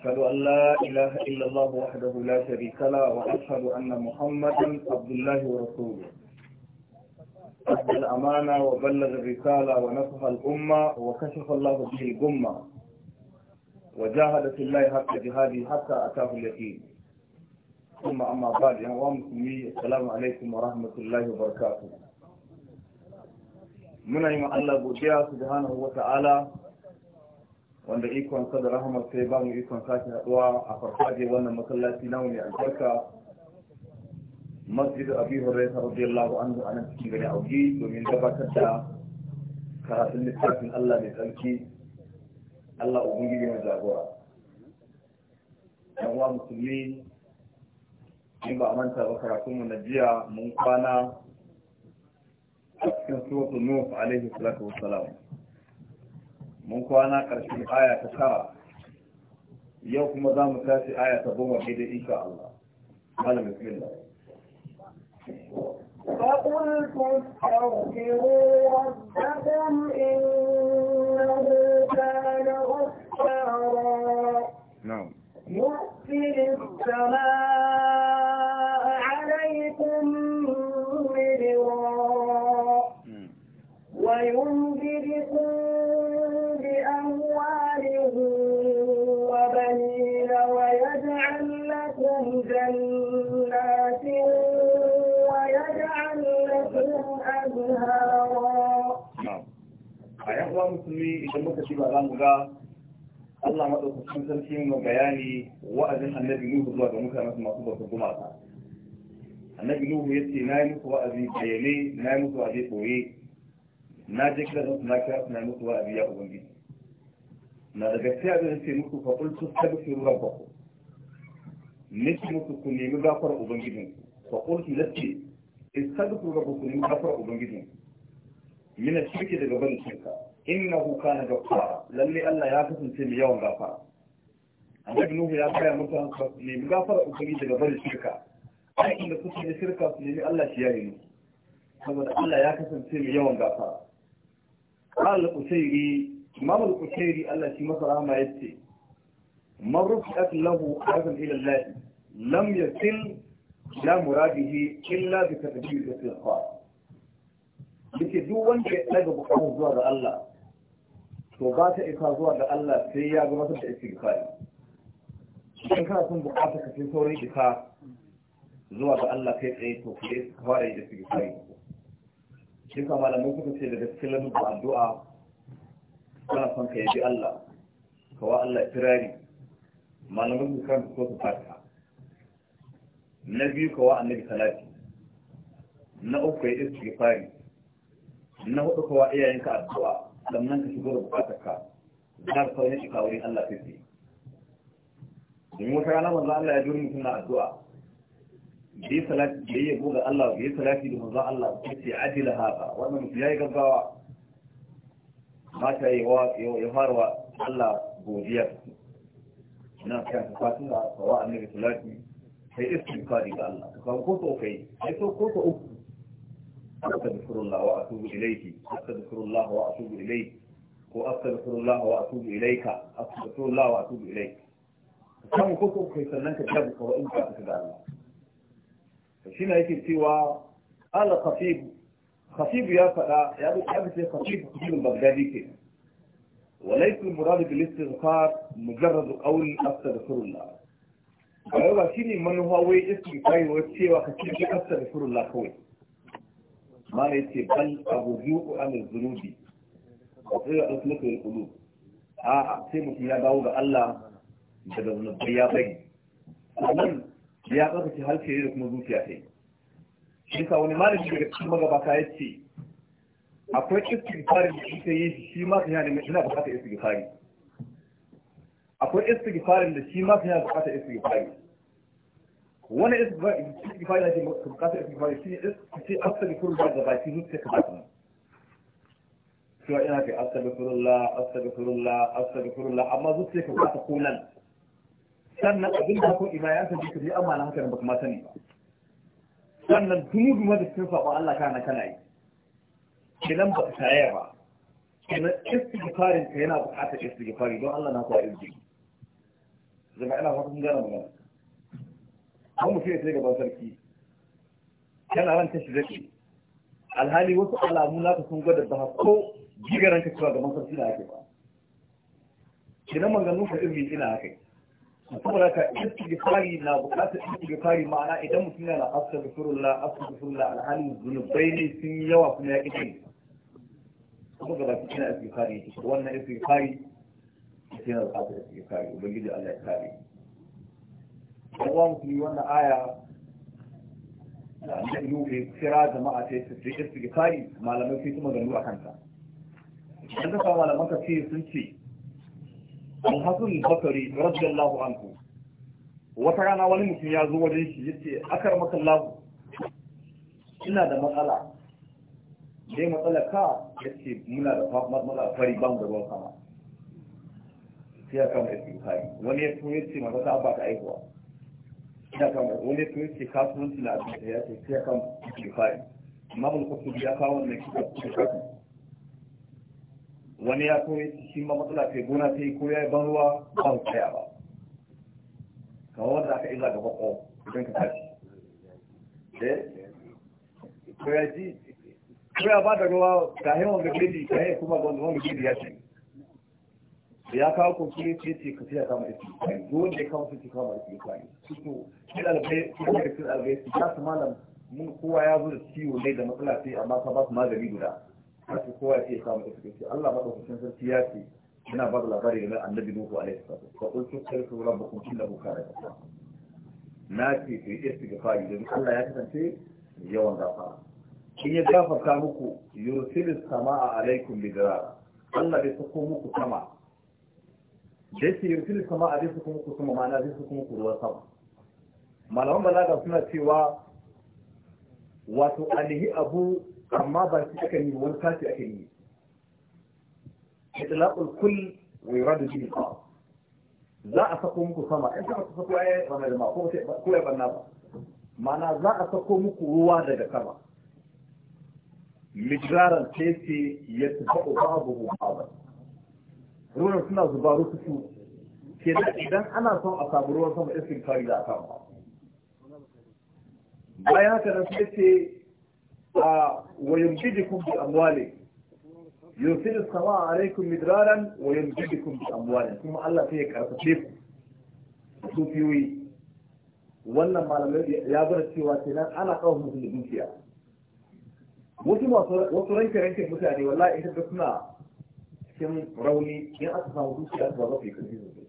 أشهد أن لا إله إلا الله وحده لا شريك له وأشهد أن محمدا عبد الله ورسوله أدى الأمانة وبلغ الرسالة ونصح الأمة وكشف الله به الأمة وجاهد في الله حق جهاده حتى أتاه اليقين ثم أما بعد يا مسلمي السلام عليكم ورحمة الله وبركاته من أيما الله بوديا سبحانه وتعالى wanda ka da rahamar sai ba mu ikon sake haɗuwa a farfaje wannan masallaci namu mai albarka masjid abi hurairah radiyallahu anhu anan cikin gari auki domin gabatar da karatun littafin Allah mai tsarki Allah ubangiji mai jagora yan uwa musulmi in ba a manta ba karatun mu na jiya mun kwana a cikin suratul nuh alaihi salatu wassalam mun kwana ƙarshen aya ta tara yau kuma za mu tashi aya ta goma daidai insha Allah malam bismillah فقلت استغفروا ربكم إنه كان غفارا نعم يؤتي السماء جنات ويجعل لكم أنهارا a yan uwa musulmi idan muka shiga za mu ga Allah madaukakin sarki mu bayani wa'azin annabi Nuhu zuwa ga mutanen masu bautar gumaka annabi Nuhu ya ce na yi musu wa'azi bayanai na yi musu wa'azi ɓoye na je kira zan na kira na yi musu wa'azi ya ubangiji na daga da gaskiya zan ce muku fa qultu astaghfiru rabbakum nake musu ku nemi gafara ubangijin fa qultu lati istagfiru rabbakum ku nemi gafara ubangijin min shirki daga ban shirka innahu kana gafara lalle Allah ya kasance mai yawan gafara annabi nuhu ya kaya musu ku nemi gafara ubangiji daga ban shirka ai inda kuke da shirka ku nemi Allah shi yayi musu saboda Allah ya kasance mai yawan gafara qala al-qusayri imam al-qusayri Allah shi masa rahama yace man rufi'at lahu azan ila Allah lam yasil muradihi illa bi tadbir da tilqa yake duk wanda ya daga bukatar zuwa ga Allah to ba ta isa zuwa ga Allah sai ya ga masa da istighfari idan kana son bukata ka sai saurin isa zuwa ga Allah kai tsaye to kai fara yi istighfari shi ka malamai kuka ce daga cikin lamun addu'a kana son ka yabi Allah kawa Allah kirari malamin su kan so su fatiha na biyu kawa annabi salati na uku ya fari. na hudu kawa iyayenka addu'a sannan ka shigo da bukatarka za ka sauya shiga wurin Allah sai sai domin wata rana manzo Allah ya juri mutum na addu'a bi salati da yabo ga Allah bi salati da manzo Allah sai ajila haka wannan mutum yayi gaggawa mata yi wa ya fara wa Allah godiya ina kan fatin da sawa annabi salati sai istighfari ga Allah ka ko to kai sai to ko to uku astaghfirullah wa atubu ilayhi astaghfirullah wa atubu ilayhi ko astaghfirullah wa atubu ilayka astaghfirullah wa atubu ilayka kan ko to kai sannan ka tabu ko in ka ga Allah to shine yake cewa al khatib khatib ya fada ya bi khatib khatib bagdadi kenan وليس المراد بالاستغفار مجرد قول استغفر الله ba ba shi ne manuwa wai iski kaiwa cewa ka ce ki astaghfirullah kawai ma ne ce bal abuzu an zunubi wa tsira aslaka al qulub a sai mutum ya dawo ga Allah daga zunubai ya bari sannan ya tsaka ci halke da kuma zuciya sai shi ka wani malami daga cikin magabata ya ce akwai istighfarin da ita yi shi ma yana da yana bukatar istighfari akwai istighfarin da shi ma yana bukatar istighfari wani istighfari da ke bukatar istighfari shi ne ce astaghfirullah da baki zuciya ka bata cewa ina kai astaghfirullah astaghfirullah astaghfirullah amma zuciya ka bata ko nan sannan abin da ko ina ya sabi ka yi amma na haka ba kuma sani ba sannan dumu dumu da cikin sabon Allah kana kana yi kenan ba ta yaya ba kenan istighfarin ka yana buƙatar istighfari don Allah na ku arziki zama ina fatan gana magana an mutum ya sai gaban sarki kana ran tashi zaki alhali wasu alamu na ka sun gwada ba ko jigaran ka cewa gaban sarki da ake ba kenan maganganun ka irin ina haka saboda ka istighfari na bukatar istighfari ma'ana idan mutum yana astaghfirullah astaghfirullah alhali zunubai ne sun yawa kuma ya ƙi kuma ga baki na istighfari yake wannan istighfari yake na da bukatar istighfari ubangiji Allah ya kare Kuma uwa musulmi wannan aya da annabi ne kira jama'a ce, ta yi istighfari malamai sai kuma gano a kanta dan ka malaman ka ce sun ce Al-Hasan al-Bakari radiyallahu anhu wata rana wani mutum ya zo wajen shi yace akar maka lahu ina da matsala dai matsala ka ya ce muna da matsala fari ban da ban sama sai ya kama yake bukari wani ya tuyo ce mata ta abata ta aihuwa ya kama wani ya tuyo ce kasuwanci na abin da ya ce sai ya kama yake bukari amma mun kwasu biya kawo wannan kika kuka wani ya tuyo ce shi ma matsala yi gona ta yi ko ya yi ban ruwa ban mu tsaya ba kawo wanda aka iza gaba ko oh, idan ka tashi eh? ko ya ji ko ya ba da ruwa ga yawan wanga gidi ga hin kuma wanda wani gidi ya ce ya kawo koki ne ce ka fiya kama da kai dole ya kawo su kama da kai su to shi albai su da su albai su ya su malam mun kowa ya zo da ciwo ne da matsala sai amma ka ba su magani guda haka kowa ya ce kama isi kai Allah ba da kusan sarki ya ce ina ba da labari game annabi Nuhu alaihi salatu wa qul tusallu rabbukum innahu kana ghafara na ce ta yi istighfari don Allah ya kasance yawan gafara in ya gafarta muku sama sama'a alaikum bidira. Allah bai sako muku sama da yake sama sama'a zai sako muku sama ma'ana zai sako muku ruwa sama malaman balaga suna cewa wato alihi abu amma ba shi aka yi wani sashi aka yi itlaqul kull wa yuradu bihi za a sako muku sama in kuma ku sako ayi wannan da ma ko ko ya banna ba Mana za a sako muku ruwa daga sama mijaran tese ya tafi babu ba ruwan suna zuba rukutu ke da idan ana son a samu ruwan sama isin kari da aka ba bayan haka nan sai ce a wayan kun bi amwale yusiru sama a alaikum midraran wayan kun bi amwale kuma Allah sai ya karfafe ku su fiyoyi wannan malamai ya bar cewa nan ana kawo musu da dukiya wasu masu wasu ranke ranke mutane wallahi ita da suna cikin rauni in aka samu zuciya ba za su yi karfi sosai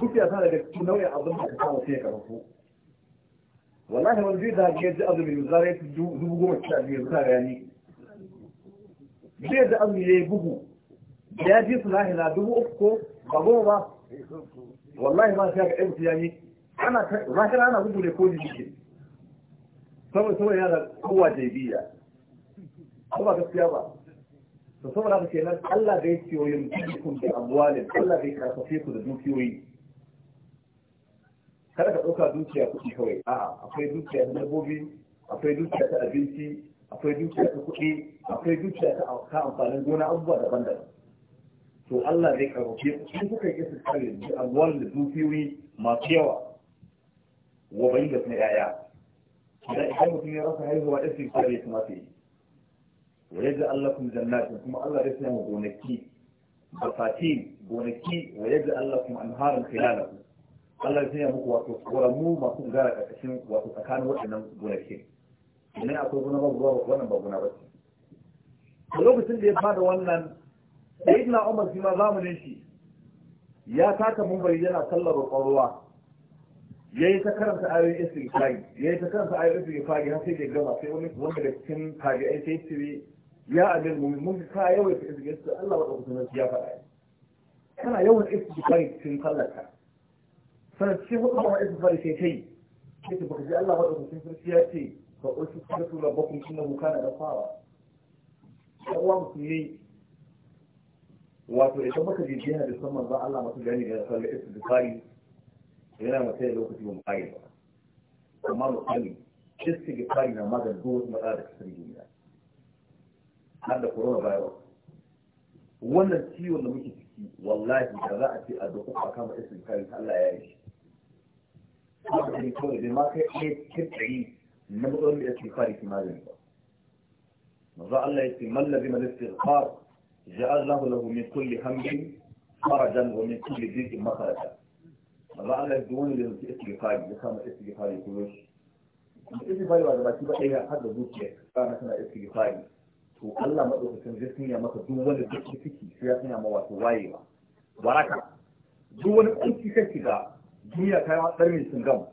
zuciya tana da cikin nau'in abin da ka samu sai ya karfo wallahi wani zai zage ya ji azumi zara ya fi dubu goma sha biyu zuwa rani zai da azumi ya yi bugu ya ji su lahi na dubu uku ko ba goma ba wallahi ma sai ga ya tiyani ana rakana ana bugu ne ko jiki saboda saboda yana kowa jaibiya ko ba gaskiya ba to saboda haka kenan Allah da yake yoyin kun bi amwalin Allah da ya karfafe ku da dukiyoyi kada ka ɗauka dukiya kuɗi kawai a'a akwai dukiya ta dabbobi akwai dukiya ta abinci akwai dukiya ta kuɗi akwai dukiya ta amfanin gona abubuwa daban-daban to Allah zai karfafe ku in kuka yi su kare amwalin da dukiyoyi masu yawa wa bayyana na 'ya'ya idan mutum ya rasa haihuwa da su kare kuma ta yi wa yadda Allah kun jannatin kuma Allah ya sanya gonaki da fati gonaki wa yadda Allah kun anharin khilalakum Allah ya sanya muku wato koramu masu gara karkashin wato tsakanin waɗannan gonaki idan akwai gona ba ruwa wannan ba gona ba ce lokacin da ya bada wannan sayyidina Umar shi ma zamanin shi ya taka mumbari yana sallar roƙon ruwa yayi ta karanta ayoyin istighfari yayi ta karanta ayoyin istighfari har sai da gama sai wani wanda da cikin tabi'ai sai ce ya adil mu'min mun ka yawan istighfari Allah wa ta'ala ya faɗa kana yawan istighfari cikin sallarka sanar cikin hukumar wa istighfari sai kai sai ta baka ji Allah wa ta'ala sai ya ce fa usiku rabbakum innahu kana ghafara Allah musulmi wato idan baka je jihar da san manzon Allah masu gani da sallar istighfari yana mutum da lokaci ba mu kare ba amma mu sani istighfari na maganin duk wasu matsala da kasar duniya har da corona virus wannan ciwon da muke ciki wallahi da za a ce a doko a kama ta Allah ya yi shi. Kuma da ne kawai bai ma kai ɗaya cikin ɗari na matsalolin da istighfari su magani ba manzo Allah ya ce mallabi mal istighfar ja'alnahu lahu min kulli hamdin farajan wa min kulli dhiqin makhraja amma Allah ya wani da zai istighfari ya kama istighfari ko yoshi istighfari ba da baki ba ɗaya har da zuciya ba na tana istighfari to Allah madaukakin zai sanya maka duk wanda duk ciki sai ya sanya ma wato wayewa waraka duk wani kunci ka shiga duniya kai ma tsarmin sun gama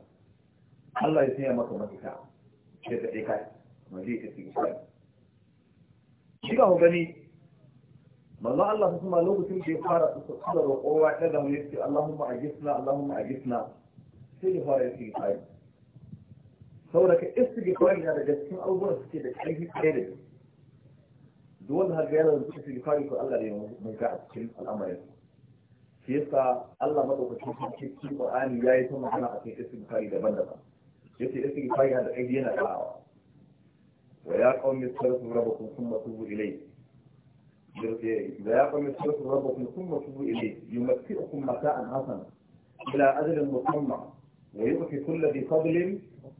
Allah ya sanya maka mafita sai ka ɗaya kai kuma zai istighfari shi ba ku gani manzo Allah su kuma lokacin da ya fara su tsara roƙowa ta da mu yace Allahumma ajisna Allahumma ajisna sai ya fara yin ayi saboda ka istighfar yana daga cikin abubuwan suke da ƙarfi tsaye da duk wanda har yana da istighfar ko Allah ne mun ga a cikin al'amarin shi yasa Allah madaukakin sarki cikin Qur'ani yi ta magana a cikin istighfar daban-daban yace istighfar yana da ƙarfi yana ƙarawa wa ya qaumi astaghfiru rabbakum thumma tubu ilayhi إذا يقوم الشرك ربكم ثم تبوا إليه يمتعكم متاعا حسنا إلى أجل مسمى ويؤتي كل ذي فضل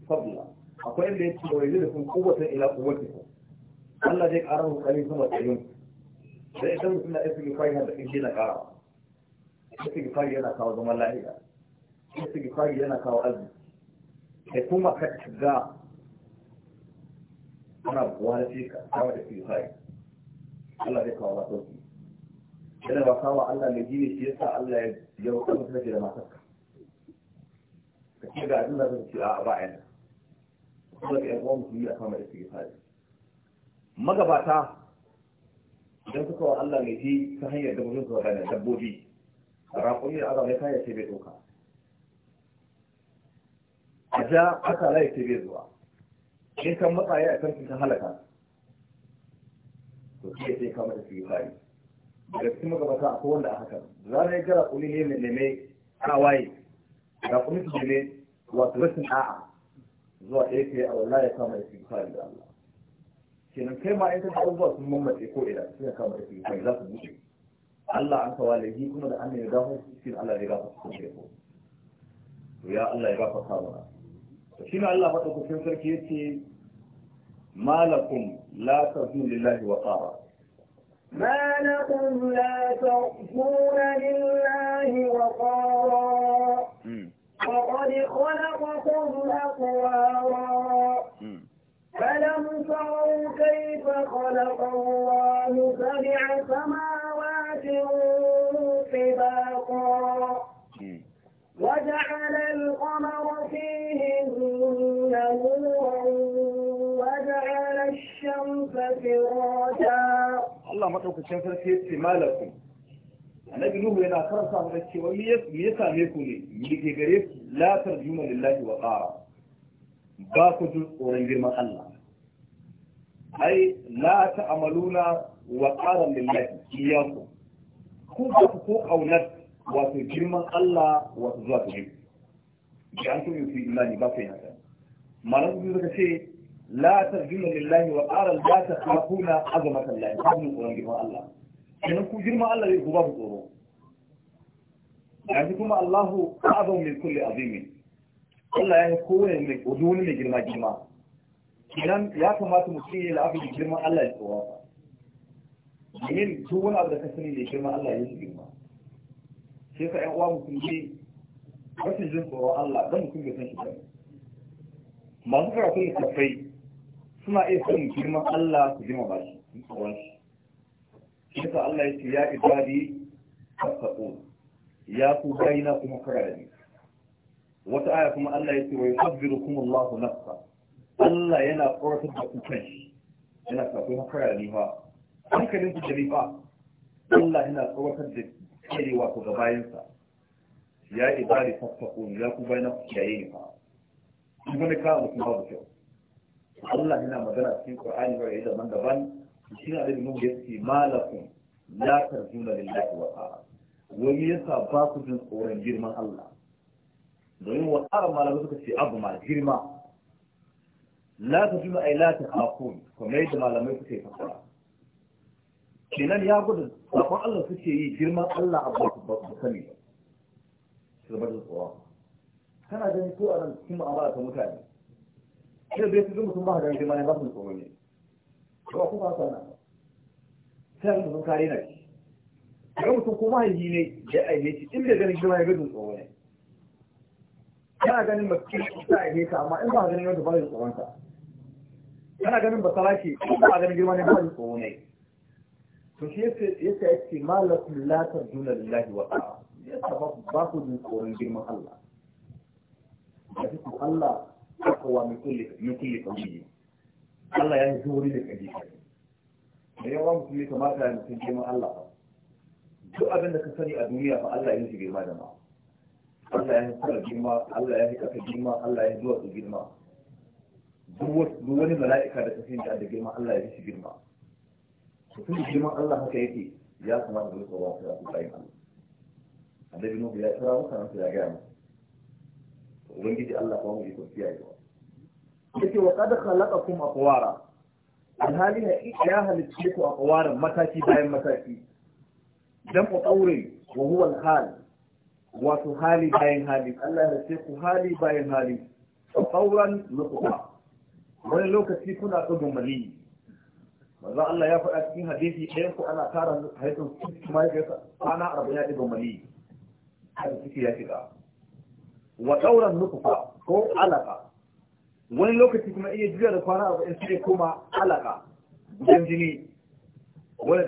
فضلا أقول لي ويزيدكم قوة إلى قوتكم Allah zai ƙara muku ƙarfi sama da yin da ita mutum na istighfari na da ƙirji na ƙara istighfari yana kawo zaman lafiya istighfari yana kawo arziki kuma shiga ana buwa da shi ka kama Allah zai kawo masu sauki yana ba kawo Allah mai jini shi yasa Allah ya ya masu mutum da matarka ka ce ga abin da zai ce a ba yana kuma ga yan uwan yi a kama da suke fari magabata idan suka wa Allah mai ji ta hanyar dabbobin su da dabbobi raƙumi da Allah ya kaya ce bai ɗauka a ja aka layi ce bai zuwa in kan matsaye a kan ka halaka to sai sai ka mata sigifari daga cikin magabata a wanda a haka za ya gara kuli ne mai neme kawaye ga kuli su neme wato rashin a'a zuwa ɗaya ke a wallahi ya kama da istighfari da Allah kenan kai ma in ka ga abubuwa sun mammace ko ina sai ka kama istighfari za su buɗe Allah an kawo laifi kuma da annabi ya gafar shi Allah ya gafar ko ke ko ya Allah ya gafar ka mana to shi ne Allah madaukakin sarki yace ما لكم لا ترجون لله وقارا ما لكم لا ترجون لله وقارا وقد خلقكم أقوارا فلم تروا كيف خلق الله سبع سماوات طباقا وجعل القمر فيهن نور فرادا الله ما تقول كيف تركي مالكم annabi nuhu yana karanta mana cewa me ya same ku ne me ke gare ku la tarjuma lillahi wa qara ba ku jin tsoron girman Allah ai la ta'amaluna wa qara lillahi iyyakum ku ba ku ko kaunar wato girman Allah wato zuwa gare ku da an so yi imani ba ku yana malam su suka ce لا ترجون لله وقال لا تخافون عظمة الله فهم قرآن جمع الله إنه كو جرم الله يقباب قرآن يعني كما الله أعظم من كل عظيم الله قوة يعني من قدون من جرم جرم إذن يا كما تمسيه لأفي جرم الله يقرآن yin duk عبد abu da الله sani شيخ girma Allah ya girma الله ka ƴan الله mutum ji rashin jin tsoron الله suna iya sanin girman Allah su girma ba shi tsoron shi yasa Allah ya ce ya ibadi fasaqu ya ku bayina kuma kara ni wata aya kuma Allah ya ce wa yusabbirukum Allahu nafsa Allah yana tsoratar da ku kanshi yana sa ku kara ba. ni fa hankalin ku jari ba? Allah yana tsoratar da kirewa ku ga bayansa ya ibadi fasaqu ya ku bayina ku kiyaye ni fa ka abu babu kyau Allah yana magana cikin Qur'ani ba yayin daban daban shi ne da mu yace malakum la tarjuna lillahi wa ta'a wani yasa ba ku jin tsoron girman Allah domin wa ta'a malamai suka ce abu ma girma la tarjuna ay la takhafun kuma yadda malamai suka yi fasara kenan ya gudu sakon Allah suke yi girman Allah abu baku ba ku sani ba su ba da tsoron kana ganin ko a nan cikin mu'amala ta mutane da bai su mutum ba da yanzu ma ba su komai ne ba kuma ba su sai mutum kare na shi ga mutum kuma mahaifi ne da ya aihe shi inda ganin girma ya gajin tsoro ne kana ganin ba ki ta aihe ka amma in ba ganin yadda ba ya tsoron ka kana ganin ba salaki ba ganin girma ne ba ya tsoro ne to shi yace yace yace malakum la tarjuna lillahi wa ta'a yasa ba ku jin tsoron girman Allah ba ku Allah أقوى من كل من كل قوي الله يعني زوري لك أجيب da yawan musulmi kamata ya mutum girman Allah ba duk abin da ka sani a duniya ba Allah ya yi girma da ma Allah ya yi kura girma Allah ya yi kasa girma Allah ya yi zuwa su girma duk wani mala'ika da ka sani da girma Allah ya yi shi girma to tun girman Allah haka yake ya kamata da wasu wasu ya fi bayan Allah annabi nuhu ya kira mutanen su ya gaya musu ubangiji Allah ba mu iko kiyayewa yake wa qad khalaqakum aqwara alhali ya halitta ku aqwaran mataki bayan mataki dan ku daure wa huwa alhal wato hali bayan hali Allah ya halitta ku hali bayan hali tsauran nutsuwa wani lokaci kuna tsugun mali manzo Allah ya faɗa cikin hadisi ɗayan ku ana tara haifin kuma ya kwana arba'in ya ɗigon mali har suke ya shiga wa ɗauran nufufa ko alaka wani lokaci kuma iya jiya da kwana arba'in sai kuma alaka gudan jini wani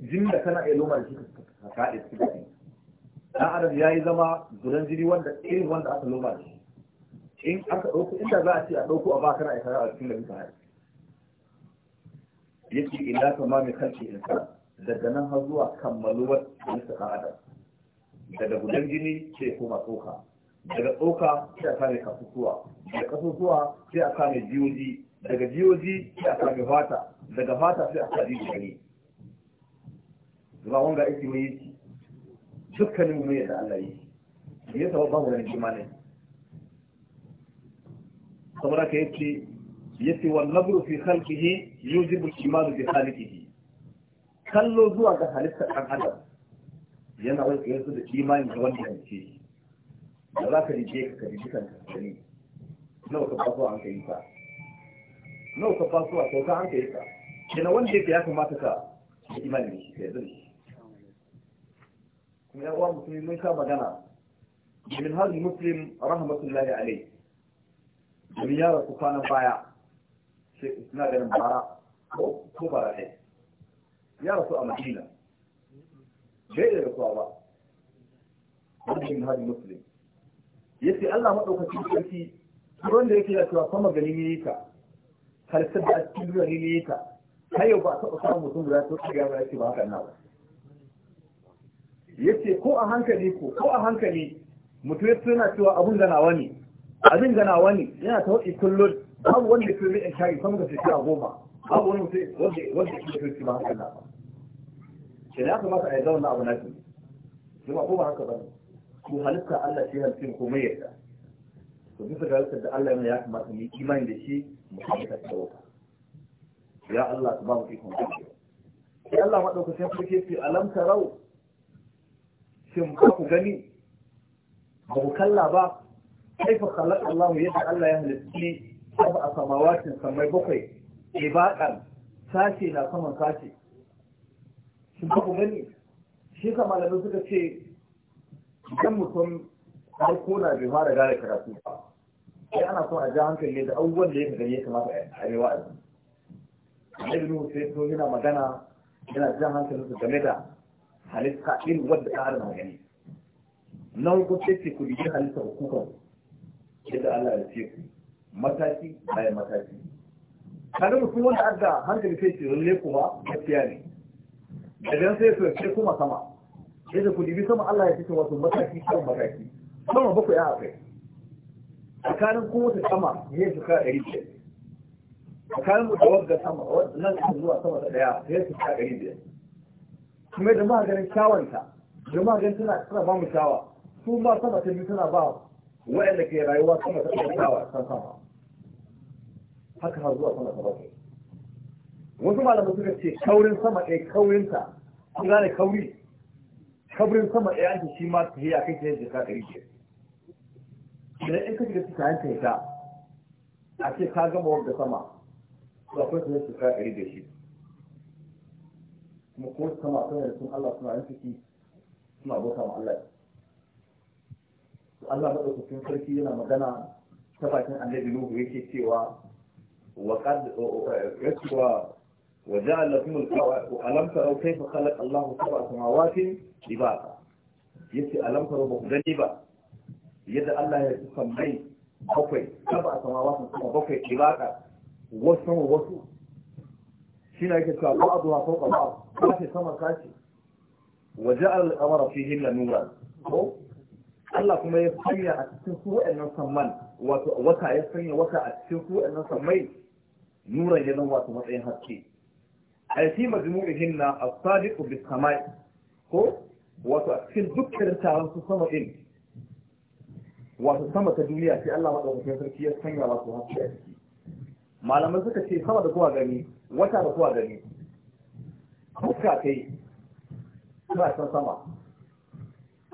jini da kana iya loma da shi ka kaɗe su gaɗe ɗan adam ya yi zama gudan jini wanda irin wanda aka loma da shi in aka ɗauko inda za a ce a ɗauko a ba kana iya kara a cikin da bisa hari yake ila kama mai in sa daga nan har zuwa kammaluwar bisa ɗan adam daga gudan jini sai kuma tsoka daga tsoka sai a kame kasusuwa daga kasusuwa sai a kame jiyoji daga jiyoji sai a kame fata daga fata sai a da gani zuwa wanga aiki mai yi dukkanin mu yadda Allah yi ya yasa ba mu da kimanin saboda ka yace yace wal nabru fi khalqihi yujibu al iman bi khaliqihi kallo zuwa ga halitta dan adam yana wani yanzu da imani ga wanda shi da za ka rije ka rije kanka da nawa ka faso an ka yi ka nawa ka faso a sauka an ka yi ka kenan wanda yake ya kamata ka yi imani shi kai yi kuma Ya uwa musulmi mun sha magana min hadin muslim rahmatullahi alaihi domin ya rasu kwanan baya sai suna ganin bara ko bara ɗai ya rasu a madina bai da rasuwa ba wani hadin muslim yace Allah madaukakin sarki ruwan da yake da cewa sama gani ne har sai da a cikin gani ne yake har yau ba a taɓa samun mutum guda ta wata ba yake ba haka nan yace ko a hankali ko ko a hankali mutum yace yana cewa abun da nawa ne abin da nawa ne yana ta wata kullum babu wanda ke mai shari sama ga a goma babu wani mutum wanda wanda ke shi ba haka nan ba shi ne aka masa a yi zauna abu na shi ba ko ba haka ba ne ko halitta Allah shi ko mai yadda to bisa ga halittar da Allah ya kamata mu yi imani da shi mu halitta ta wata ya Allah ta ba mu ikon kuma Ya Allah sai sarki ce alam tarau shin ba ku gani ba ku kalla ba kaifa khalaqa Allah yadda Allah ya halitti sab'a samawatin samai bakwai ibaqan sashi na saman sashi shin ba ku gani shi kamar da suka ce idan mutum har kona bai fara gane karatu ba sai ana son a ja hankali ne da abubuwan da ya gani ya kamata a yi wa'azi annabi nuhu sai so yana magana yana jan hankalin su game da halitta irin wadda ta adana magani. na hukun sai ce ku bigi halitta hukukan yadda Allah ya ce ku mataki bayan mataki kada mutum wanda adda hankali sai ce lalle kuma fiya ne idan sai su ce kuma sama yadda ku dibi sama Allah ya fito wasu mataki kan mataki sama bakwai a akai tsakanin kowace sama ne su ka ɗari biyar tsakanin da wadda sama nan su zuwa sama da ɗaya ne su ka ɗari biyar kuma da maganin kyawanta da maganin tana tana ba mu kyawa su ma sama ta biyu tana ba wa'anda ke rayuwa sama ta kyawa shawa san sama haka har zuwa sama ta bakwai wasu malamai suka ce kaurin sama ɗaya kaurinta sun gane kauri kabrin sama ɗaya an shi ma ta hiya kai ta yadda ka ɗari ke idan in ka shiga cikin hanyar ta a ce ka gama wanda sama ba kai ta yadda ka ɗari da shi kuma ko sama sanar da sun Allah suna yin ciki suna bauta ma Allah Allah sun sarki yana magana ta bakin annabi Nuhu yake cewa wa qad yaswa وجعل لكم القواعد ألم تروا كيف خلق الله سبع سماوات لباقا yace alam taro ba ku gani ba yadda Allah ya sammai bakwai saba samawati kuma bakwai ibaka wasu wasu shine yake cewa ba'du ha fawqa ba'd kace sama kace ko Allah kuma ya sanya a cikin su wa'annan samman wata ya sanya wata a cikin su wa'annan samman nuran ya zama matsayin haske alfi fi majmu'ihin na as-sadiqu bis sama'i ko wato a cikin dukkan taron su sama din wato sama ta duniya sai Allah madaukakin sarki ya sanya wato haske a ciki malamai suka ce sama da kowa gani wata da kowa gani kuka kai suna san sama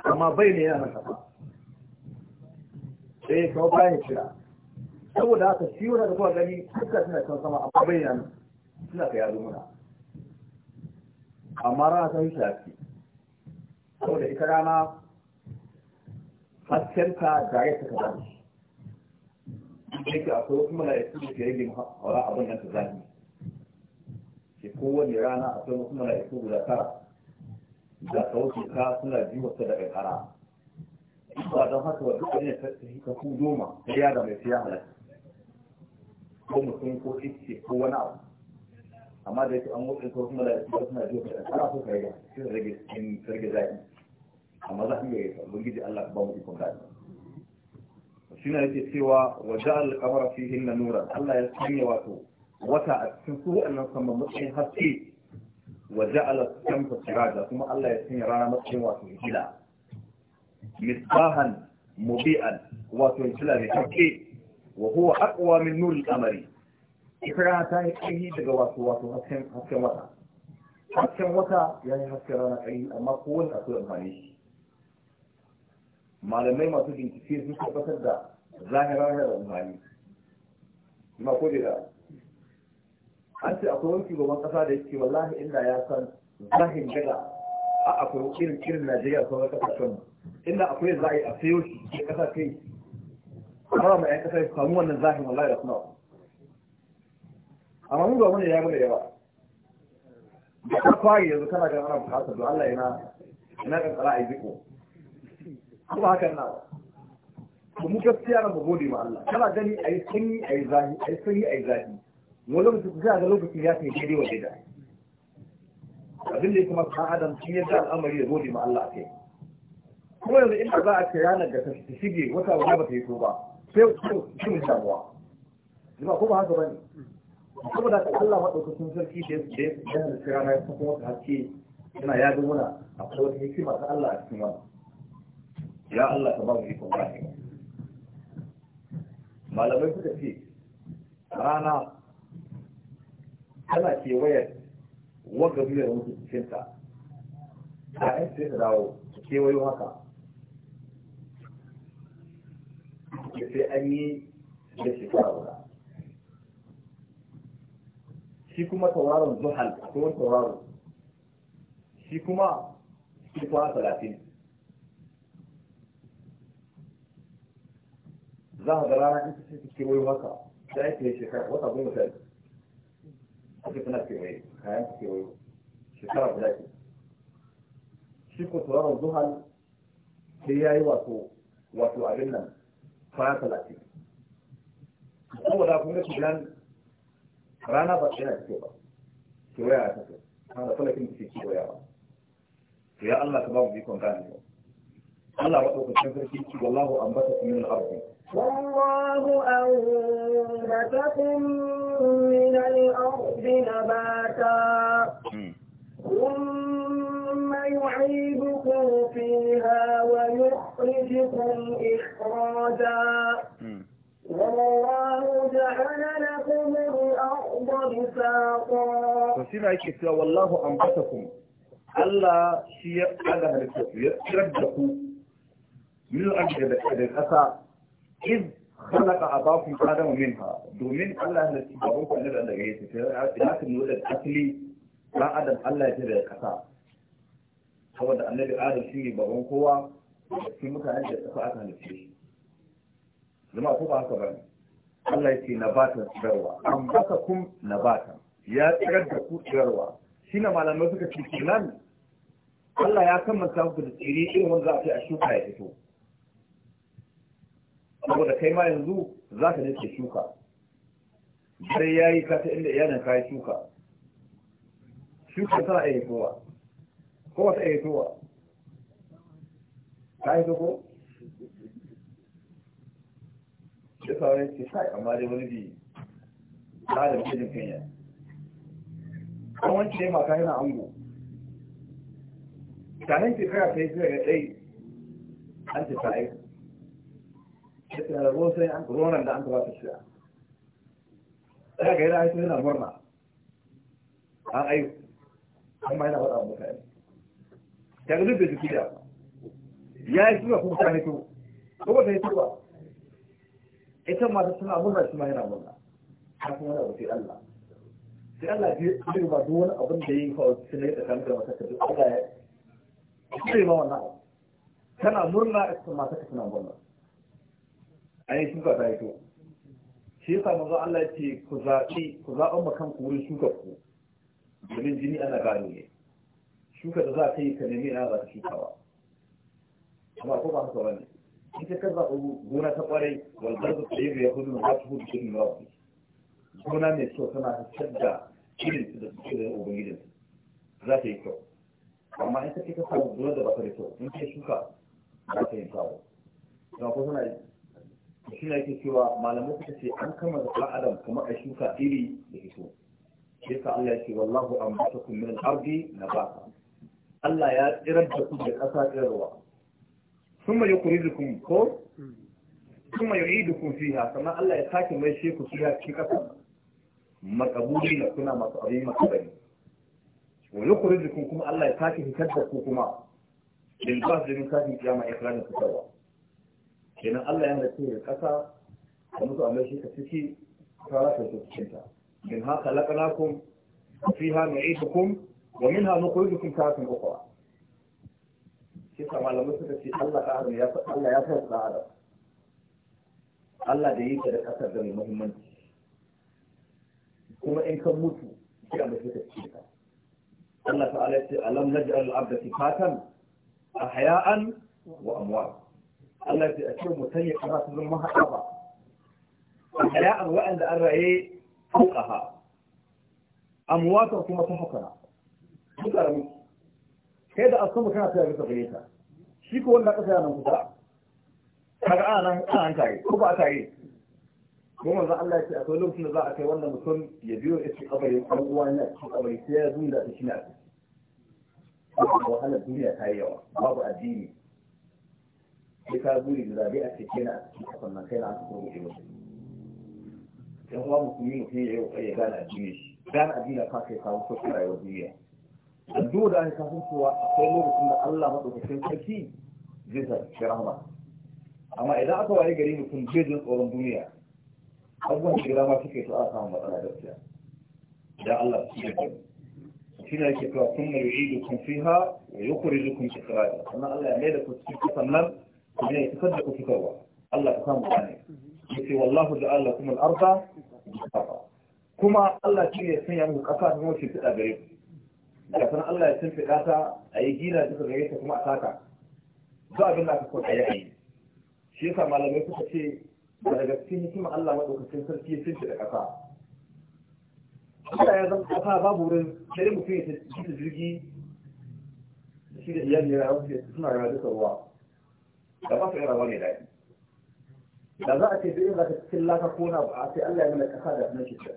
amma bai ne yana sama sai eh, kuma bayan kira saboda haka shi wani da kowa gani kuka suna can sama amma bai yana suna ka yaro muna amma rana ta yi shafi da ita rana haskenta da ya ta kaza yake akwai wasu mala'iku da ke rage hawa abin nan ta zahi ke kowane rana a kuma na mala'iku guda tara da sauke ka suna ji wasu da ƙanƙara ba don haka wadda ɗaya ta ta ku goma ta yada mai siya halatta ko mutum ko ice ko wani abu amma da yake an motsa ko kuma da ba suna jiya da ana so kai ga shi rage cikin rage zaki amma za ka yi ubangiji Allah ba mu ikon kai shi ne yake cewa wa ja'al qamara fihi nuran Allah ya sanya wato wata a cikin su wannan sama matsayin haske wa ja'al shamsa siraja kuma Allah ya sanya rana matsayin wato hijila misbahan mubi'an wato hijila ne take wa huwa aqwa min nuril qamari ita ta yi ƙarfi daga wato wato hasken wata hasken wata ya yi hasken rana ƙarfi amma kowane akwai amfani shi malamai masu bincike sun tabbatar da zahira yana da amfani ma ko da an ce akwai wani shugaban ƙasa da yake wallahi inda ya san zahin daga a akwai irin irin Najeriya sauran ƙasashen mu inda akwai za a yi a sayo shi ke ƙasa kai kuma ma 'yan ƙasa ya samu wannan zahin wallahi da kuma amma mun ga wani ya mana yawa da ka fari yanzu kana ga ana bukatar don Allah yana na kankara a ziko kuma hakan na ba mu gaskiya na gode ma Allah kana gani a yi sanyi a yi zafi, a yi sanyi a yi zahi mu lokaci ku ga lokacin ya fi daidai wa daidai abin da ya kuma san adam shi ya ga al'amari da gode ma Allah a kai kuma yanzu inda za a ce ranar da ta shige wata wani ba ta yi so ba sai ku shi mun damuwa. Jima ko ba haka ba ne. saboda ka Allah maɗaukakin sarki da ya yana da rana ya kuma wata haske yana ya muna a kowace hikima ta Allah a cikin wani ya Allah ka ba mu ikon ba malamai suka ce rana tana kewayar wagga biyar mutu cikinta a yan sai ta dawo kewayo haka sai an yi da shekara guda shi kuma tauraron zuhal akwai wani tauraro shi kuma shi kwana talatin za ka ga rana in su suke kewaye haka da ake shekara wata goma sha biyu ake tana kewaye kayan su kewaye shekara guda ke shi ko tauraron zuhal sai ya yi wato wato abin nan kwana talatin saboda kuma su gan rana ba shi na fito ba kewaya ta fito hana falakin da ke kewaya ba to ya Allah ka ba mu bikon gane ba Allah wa ɗaukacin sarki ci wallahu an bata kuma min al'arzi والله أنبتكم من الأرض نباتا ثم يعيدكم فيها ويخرجكم إخراجا To shi na yake cewa wallahu an basa Allah shi ya ɗaga halittu, ya tsirar da ku, yin an da ɗaga ƙasa, in halaka a baku ƙadan min ha, domin Allah na ci gaban kwanne da ɗaga yake, ta yi haka ne wadda asali ɗan Adam Allah ya ce daga ƙasa. Saboda annabi Adam shi ne baban kowa, shi mutane da ƙasa aka halittu. zama ko ba haka bane Allah ya ce bata tsirarwa an baka kun bata ya tsirar da ku tsirarwa shi na malamai suka ce kenan Allah ya kammanta ku da tsiri irin wanda za a ce a shuka ya fito saboda kai ma yanzu za ka ne shuka sai ya yi kata inda iyalin ka yi shuka shuka tana a yi ko wata a ka yi ko ya kawo ya ce sai amma da wani ta da mutum kanya an wance ne maka yana ango kanin shekara ta yi zuwa ga tsaye an ce ta aiki ya ce da ruwan sai an da an ba ta shiga ɗaya ga yana aiki yana murna an aiki amma yana faɗa mutane daga duk da jiki da ya yi suna kuma ta hito ko ba ta hito ba ita mata suna murna shi ma yana murna ta kuma da abu sai Allah sai Allah ya ce ba duk wani abun da yi kawai cikin ne tsakanin da mata ta duk Allah ya ce ma wannan tana murna ita mata ta suna murna An yi shuka ta yi to shi yasa manzo Allah ya ce ku zaɓi ku zaɓan ma kanku wurin shuka ku domin jini ana gano ne shuka da za ta yi ka nemi ina za ta shukawa amma ko ba haka bane in ka kaza gona ta kwarai wal barzu tsayiru ya hudu na ta hudu shirin rabbi gona mai kyau tana fitar da irin su da suke da ubangijin za ta yi kyau amma in ka ce ka samu gona da ba ta da kyau in ka shuka za ta yi kyau don ko suna shi na yake cewa malamai suka ce an kama da ɗan adam kuma a shuka iri da fito sai ka Allah ya ce wallahu an bata kun min na ba nabata Allah ya tsirar da ku da ƙasa tsirarwa ثم يخرجكم ko ثم يعيدكم فيها كما Allah ya sake mai sheku kiya ki kafa makabuli na kuna masu abin makabari wa yukhrijukum kuma Allah ya sake hitar da ku kuma din ba da mun sake kiyama ikrani fitarwa kenan Allah ya halatta ya kasa da musu amma shi ta shi sa malamai suka ce Allah ƙarar ya fi Allah ya fi ƙarar Allah da yake da ƙasar da mai muhimmanci kuma in ka mutu shi a mace ta ce ka Allah ta'ala ya ce alam naj'al al-abda kifatan ahya'an wa amwat Allah ya ce a ce mutum ya kama su zama haɗa ba ahya'an wa'anda an raye fuqaha amwatan kuma ta hukara duk ramu kai da asumu kana tsaya bisa gare ta shi ko wanda kasa nan kusa kaga ana ta yi, ko ba yi? ko manzo Allah ya ce akwai lokacin da za a kai wannan mutum ya biyo ya ci kabarin ɗan uwa ne a cikin kabari sai ya zunda ta shi na wahalar duniya ta yi yawa babu addini sai ka buri da zabi a cikin a cikin kasan nan kai na aka kurguje musu yan uwa musulmi mutum ya yi ya gane addini shi gane addini ka kai kawo sosai rayuwar duniya addu'a da aka san cewa akwai lokacin da Allah madaukakin sarki zai sa shi rahama amma idan aka waye gari mutum zai jin tsoron duniya abubuwan da dama suke so a samu matsala gaskiya idan Allah shi ne shi ne yake cewa kun mai yi kun fiha wa yukhrijukum ikhraja sannan Allah ya mai da ku cikin sannan ne ya fitar da ku fitarwa Allah ka samu Ya ce wallahu ja'ala lakum al-ardha kuma Allah shi ne ya sanya muku kasa ta wuce ta gare ku da san Allah ya tunfi ta a yi gina duka gare ta kuma a saka ba abin da aka so a yi shi yasa malamai suka ce ba daga cikin hikima Allah madaukakin sarki ya tunfi da ƙasa Allah ya zama ƙasa babu wurin sai mutum ya tafi jirgi shi da iyali ya rayu suna rayuwa duka ruwa da ba su yi rawa mai daɗi da za a ce duk inda ka cikin laka ko na ba sai Allah ya mana ƙasa da nan shi da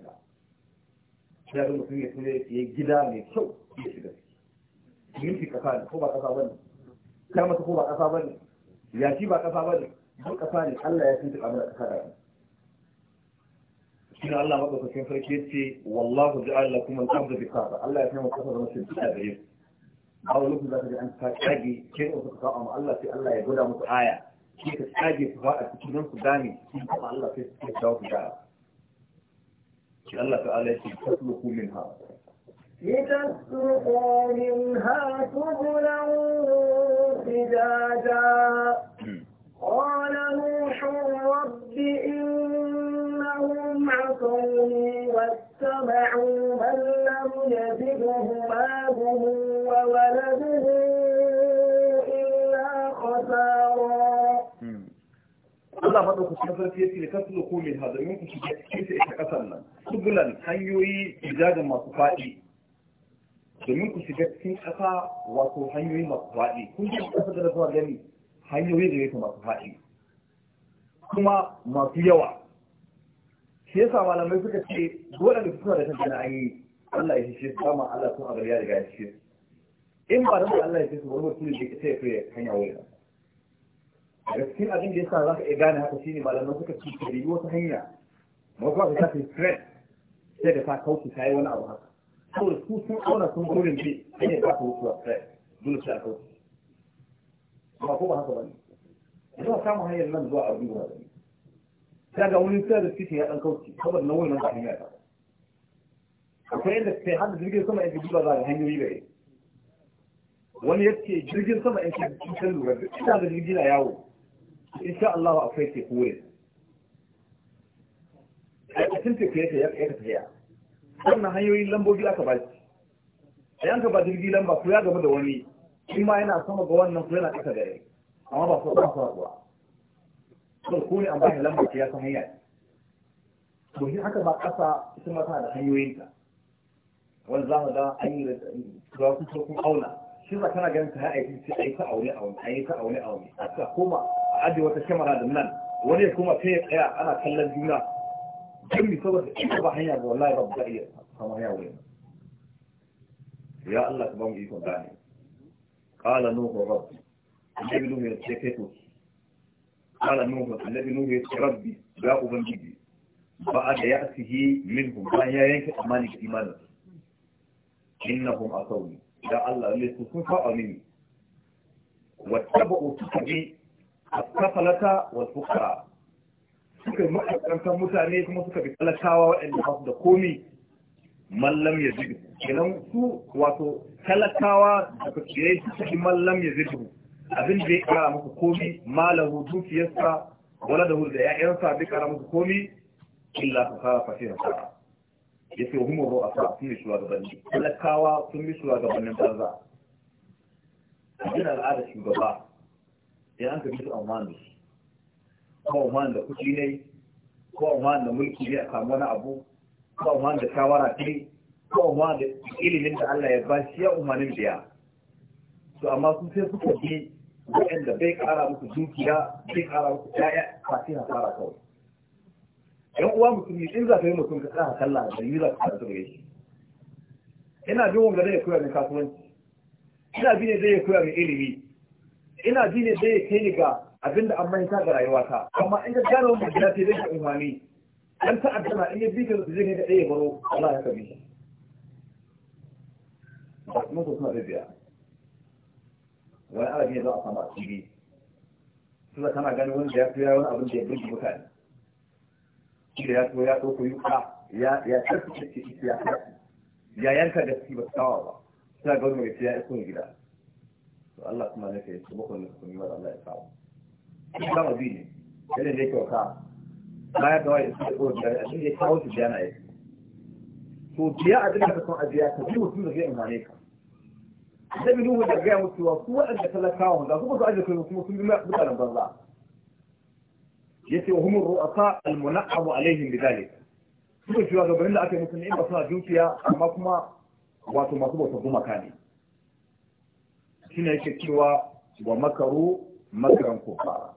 ya zama mutum ya gida mai kyau ya shiga minti kasa ne ko ba kasa bane kyamata ko ba kasa bane yashi ba kasa bane duk kasa ne Allah ya tuntuɓa mana kasa da shi Allah madaukakin sarki ya ce wallahu ja'ala lakum al-ardha bikasa Allah ya taimaka kasa da masu tsaya gare ku a wani lokacin za ka ji an ta tsage kin ku ka amma Allah sai Allah ya gwada musu aya sai ka tsage su ba a cikin nan su dame sun kuma Allah sai su dawo su da shi Allah ta'ala ya ce tasluku minha لتسلقوا منها سبلا سجاجا قال نوح رب إنهم عصوني واتبعوا من لم يزده ماله وولده إلا خسارا Allah maɗaukacin sarki ya yake ne kasu ko mai hadarin ku shiga cikin ita kasan nan. Sugulan hanyoyi ijajen masu fadi domin ku shiga cikin ƙasa wato hanyoyi masu faɗi kun ji ƙasa da zuwa gani hanyoyi da yake masu faɗi kuma masu yawa shi yasa malamai suka ce dole da suna da kan an yi Allah ya shi shi kama Allah sun abariya ya riga ya shi. in ba da Allah ya shi su wani mutum da ke sai ya hanya wuya daga cikin abin da yasa za ka iya gane haka shine malamai suka ce ka yi wata hanya masu wata ta fi stress sai da ta kauce ta yi wani abu haka saboda su sun auna sun gurin bi sai ne ba su mutuwa sai dole sai a kawo ba ko ba haka ba ne zuwa samun hanyar nan zuwa abin duba da ni ta ga wani sai da titi ya dan kauce saboda na wannan ba hanya ta akwai yadda sai har da jirgin sama yake duba za ga hanyoyi gare wani ya ce jirgin sama yake cikin lura da ita da jirgin na yawo insha Allah akwai teku wurin a cikin teku yake ya tafiya wannan hanyoyin lambobi aka ba shi a yanka ba jirgi lamba ku ya gaba da wani in ma yana sama ga wannan ku yana ƙasa da rai amma ba su ba su rabuwa don ku ne an ba lamba ce ya san hanya to shi haka ba ƙasa ita mata da da hanyoyinta wani za mu ga an yi da turawa kusa auna shi ba kana ganin ta haifi sai ta aure a wani ta aure a wani aka koma a ajiye wata kyamara da nan wani ya koma ta ya tsaya ana kallon juna jirgi saboda ita ba hanya ba wallahi ba za a iya kama hanya wurin ya Allah ka ba mu ikon gane qala nuhu rabbi annabi nuhu ya ce kai to qala nuhu annabi nuhu ya ce rabbi ya ubangiji ba da ya asihi minhum bayan ya yanke amani ga imanin innahum asawni ya Allah ne su sun fa'a mini wattaba'u suka bi as-kafalata wal fuqara suka yi makarantar mutane kuma suka bi talakawa waɗanda ba su da komi mallam ya zidu kenan su wato talakawa da fakirai su cikin mallam ya zidu abin da ya ƙara musu komi malahu dukiyarsa wala da hulda ya'yansa duk ƙara musu komi illa ta fara fashe hasara ya ce wani ro a sa sun yi shugabanni talakawa sun yi shugabannin banza a gina al'adar shugaba ya an ka bi su ne. ko amfani da kuɗi ne ko da mulki ne a samu wani abu ko amfani da shawara ne ko amfani da ilimin da Allah ya bashi ya umarnin biya to amma sun sai suka bi waɗanda bai ƙara musu dukiya bai ƙara musu ƴaƴa kafin hasara kawai yan uwa musulmi in za ka yi mutum ka tsaya sallah da yi za ka karatu da shi. ina bin wanga zai koya min kasuwanci ina bi ne zai koya min ilimi ina bi ne zai kai ni ga abinda an mahita ga rayuwata amma in ka gano wannan gida sai zai ka umarni dan ta'adda na in ya bi ka zai ka ɗaya baro Allah ya kabi shi ba kuma so suna bibiya wani arabi ne za a samu a tv suna kana ganin wani da ya fi wani abin da ya burge mutane shi da ya so ya ɗauko yuka ya ya tafi ciki ya tafi ya yanka da ciki ba su kawo ba suna ga wani mai ya iso gida to Allah kuma ne ka yi su bakon da su kuma yi wa Allah ya kawo kama biyu ne irin da ya kyauta baya ga wani da ko biyar abin da ya kawo su biya na yi to biya abin da ka son a biya ka bi mutum da zai imane ka annabi duhu da gaya musu wa su waɗanda talakawa ga kuma su basu aje kai kuma sun bi mutanen banza ce wa humur ru'asa al-mun'amu alaihim bidhalik kuma shi ga gabanin da aka yi musu in ba suna dukiya amma kuma wato masu bautar gumaka ne shine yake cewa wa makaru makaran kufara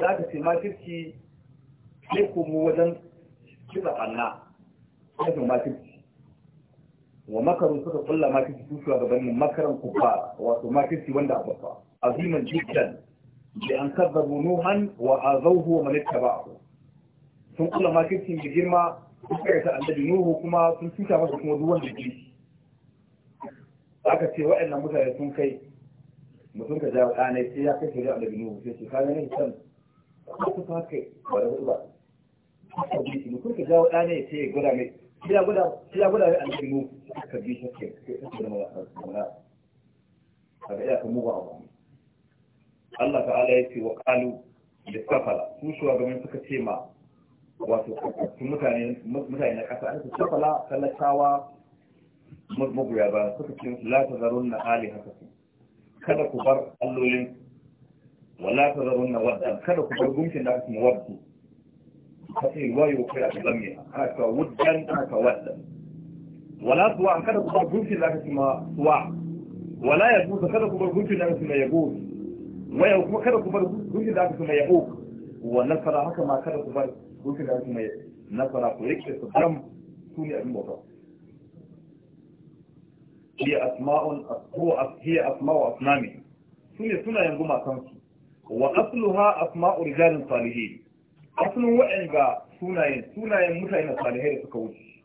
za ka ce makirci sai komo wajen kisa ɓanna wajen makirci wa makarun suka kulla makirci su gabanin makaran kufa wato makirci wanda a a aziman jikin da an kazzabu nuhan wa zauhu wa malitta ba sun kula makircin mai girma sun ta annabi nuhu kuma sun cuta masa kuma duk wanda ke aka ce waɗannan mutane sun kai mutum ka jawo ɗanai sai ya kai shari'a annabi nuhu sai su kaga ne san ko ku ya ce da iya Allah ta'ala ya ce wa qalu lissafala su shugaban suka ce ma wato su mutane na ƙasa an safala talakawa magoya ba suka ce la tazarun na ali haka kada ku bar allolin wala ta zarun na wadda kada ku bar da aka kuma wadda kace ce wayo ku kai a ta aka ana aka wadda wala suwa kada ku bar da aka kuma suwa wala ya busa kada ku bar da aka kuma yabo waya kuma kada ku bar da aka kuma yabo wa nasara haka ma kada ku bar gumkin da aka na fara ku yake su dam su ne abin bauta هي أسماء هو هي أسماء أصنامه سنة سنة ينقوم أسماء wa asluha asma'u rijalin salihin asalin wa'anga sunayen sunayen mutane na salihai da suka wuce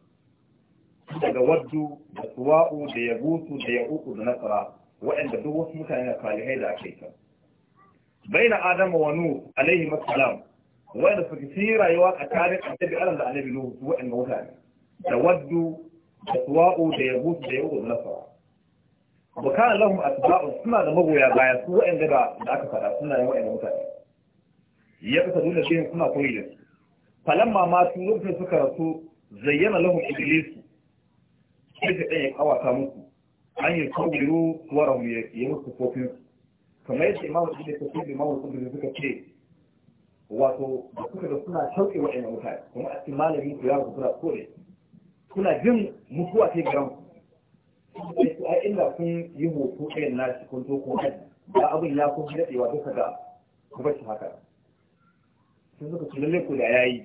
daga waddu da suwa'u da yagusu da ya'uku da nasara wa'anda duk wasu mutane salihai da ake kan baina adama wa nuh alaihi assalam wa'anda suka ci rayuwa tsakanin annabi adam da annabi nuh su wa'anda mutane da waddu da suwa'u da yagusu da ya'uku da nasara wa kana lahum atba'un suna da magoya baya su wa'anda da da aka fada suna da wa'anda mutane ya kasa dole shi suna koyi da su falamma ma su lokacin suka rasu zayyana lahum iblis sai ta ɗaya ta musu an yi kawiru warahu ya musu kofin kamar yadda imamu ibn kasir da imamu da suka ce wato da suka da suna shauƙe wa'anda mutane kuma a cikin malamin ku ya rasu suna kore suna jin mutuwa ke garan sai su ai illa kun yi hoto ɗayan na shi kun toko kan da abin ya kun daɗewa duka ga ku bar shi haka sun suka ci lalle ku da yi.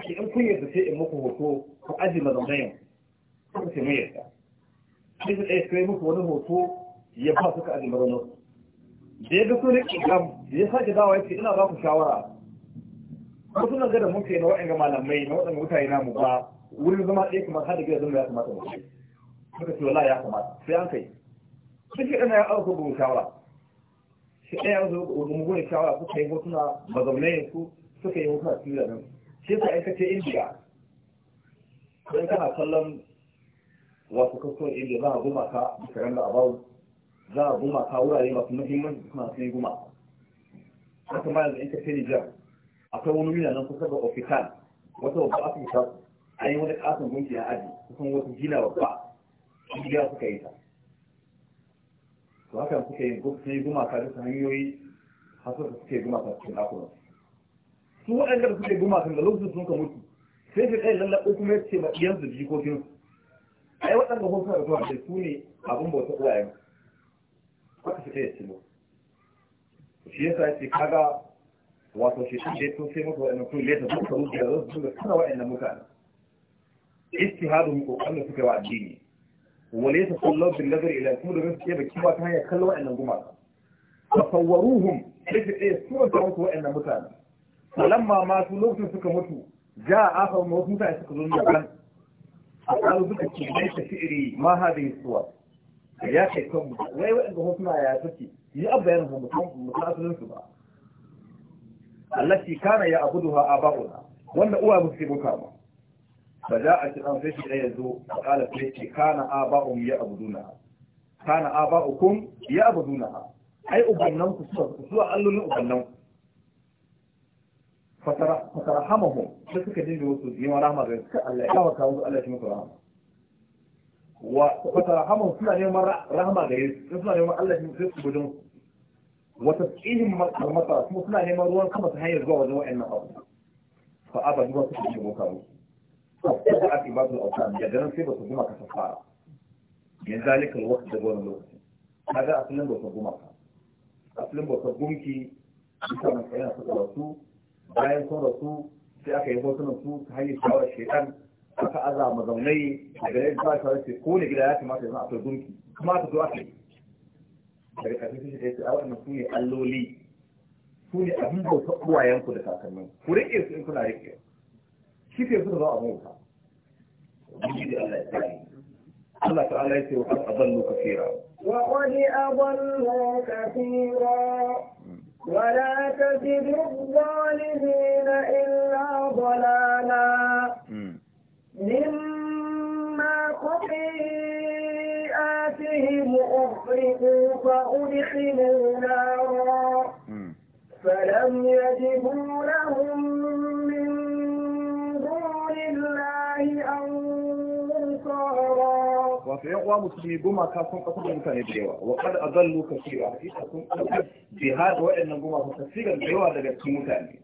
ki in kun yarda sai in muku hoto ku aji mazaunayin ku ce mai yarda sai su ɗaya kai muku wani hoto ya ba suka aji mazaunan da ya ga sun riƙe gam da ya sake dawa ya ce ina ba ku shawara ko suna ga da mun kai na waɗanda malamai na waɗanda mutane namu ba wurin zama ɗaya kamar har da gida zama ya kamata mu kai suka ce wallahi ya kamata sai an kai sai shi ɗana ya auka gurin shawara shi ɗaya ya zo gurin shawara suka yi hotuna mazaunai su suka yi hotuna su da nan shi yasa in ka aikace indiya sai kana kallon wasu kasuwan indiya za a gumaka bisa ran da abawu za a ka wurare masu muhimmanci suna sun yi gumaka haka ma yanzu in ka ce nijar akwai wani wina nan kusa da ofital wata babba afirka an yi wani kasan gunki a aji kusan wata gina babba biya suka yi ta to hakan suka yi sun gumaka duka hanyoyi har da suke gumaka cikin akwai su waɗanda suke gumaka da lokacin sun ka mutu sai su ɗaya lallaɓo kuma ya ce maɗiyar maɗiyansu jikokin yi waɗanda kuma suna da zuwa su ne abin bauta uwayen haka su kai ya ce mu shi yasa ya ce kaga wato shi shi sun sai mutu waɗannan sun leta suka rubuta da su kana waɗannan mutane istihadun ko da suka yi wa addini wale ta sallar bin nazar ila kuma domin su ke baki ba ta hanyar kallon wa'annan gumaka tasawwaruhum sai su ɗaya suran ta wasu wa'annan mutane falamma masu lokacin suka mutu ja a aka wasu mutane suka zo da kan a tsaro suka ce mai ta fi'iri ma ha da yisuwa ya kai kan mutu wai wa'anda hotuna ya suke yi abba yana mutum asalin su ba Allah shi kana ya abudu ha aba'una wanda uwa musu ke buka ba فجاءت الأنفسة يزو فقالت لك كان آباؤهم يعبدونها كان آباؤكم يعبدونها أي أبنون سوى قالوا لي أبنون فترحمهم فسك دين جوسو يما رحمة غير الله يكاوة كاوزو الله يشمك رحمة وفترحمهم سنة يوم رحمة غير سنة يوم الله يشمك بجنس وتسقيهم المطر سنة يوم روان كما تهيئ الجوة جوة إنها أرض فأبا جوة سنة يوم كاوزو da aka ba su autan daga nan sai ba su guma ka safara min zalikal waqt da wannan lokaci kaga asalin ba su guma ka asalin ba su gumki bisa nan sai su rasu bayan sun rasu sai aka yi hotunan su ta hanyar shawarar shekar aka aza mazaunai daga nan ba shawar ko ne gida ya kamata ya a kai gunki, kuma aka zo aka yi daga ƙarfi su ce a waɗannan su ne alloli su ne abin bautar uwayenku da kakannin ku riƙe su in kuna riƙe shi ke zuwa za a mota Allah ta'ala ya ce wa kan adallu kafira wa qad adallu kafira ولا تزد الظالمين إلا ضلالا مما خطيئاتهم أغرقوا فأدخلوا نارا فلم يجدوا لهم الله أنصارا wato yan uwa musulmi gumaka sun kasu da mutane da yawa wa kad adallu kasira ita sun kasu jihad wa'annan gumaka kasira da yawa daga cikin mutane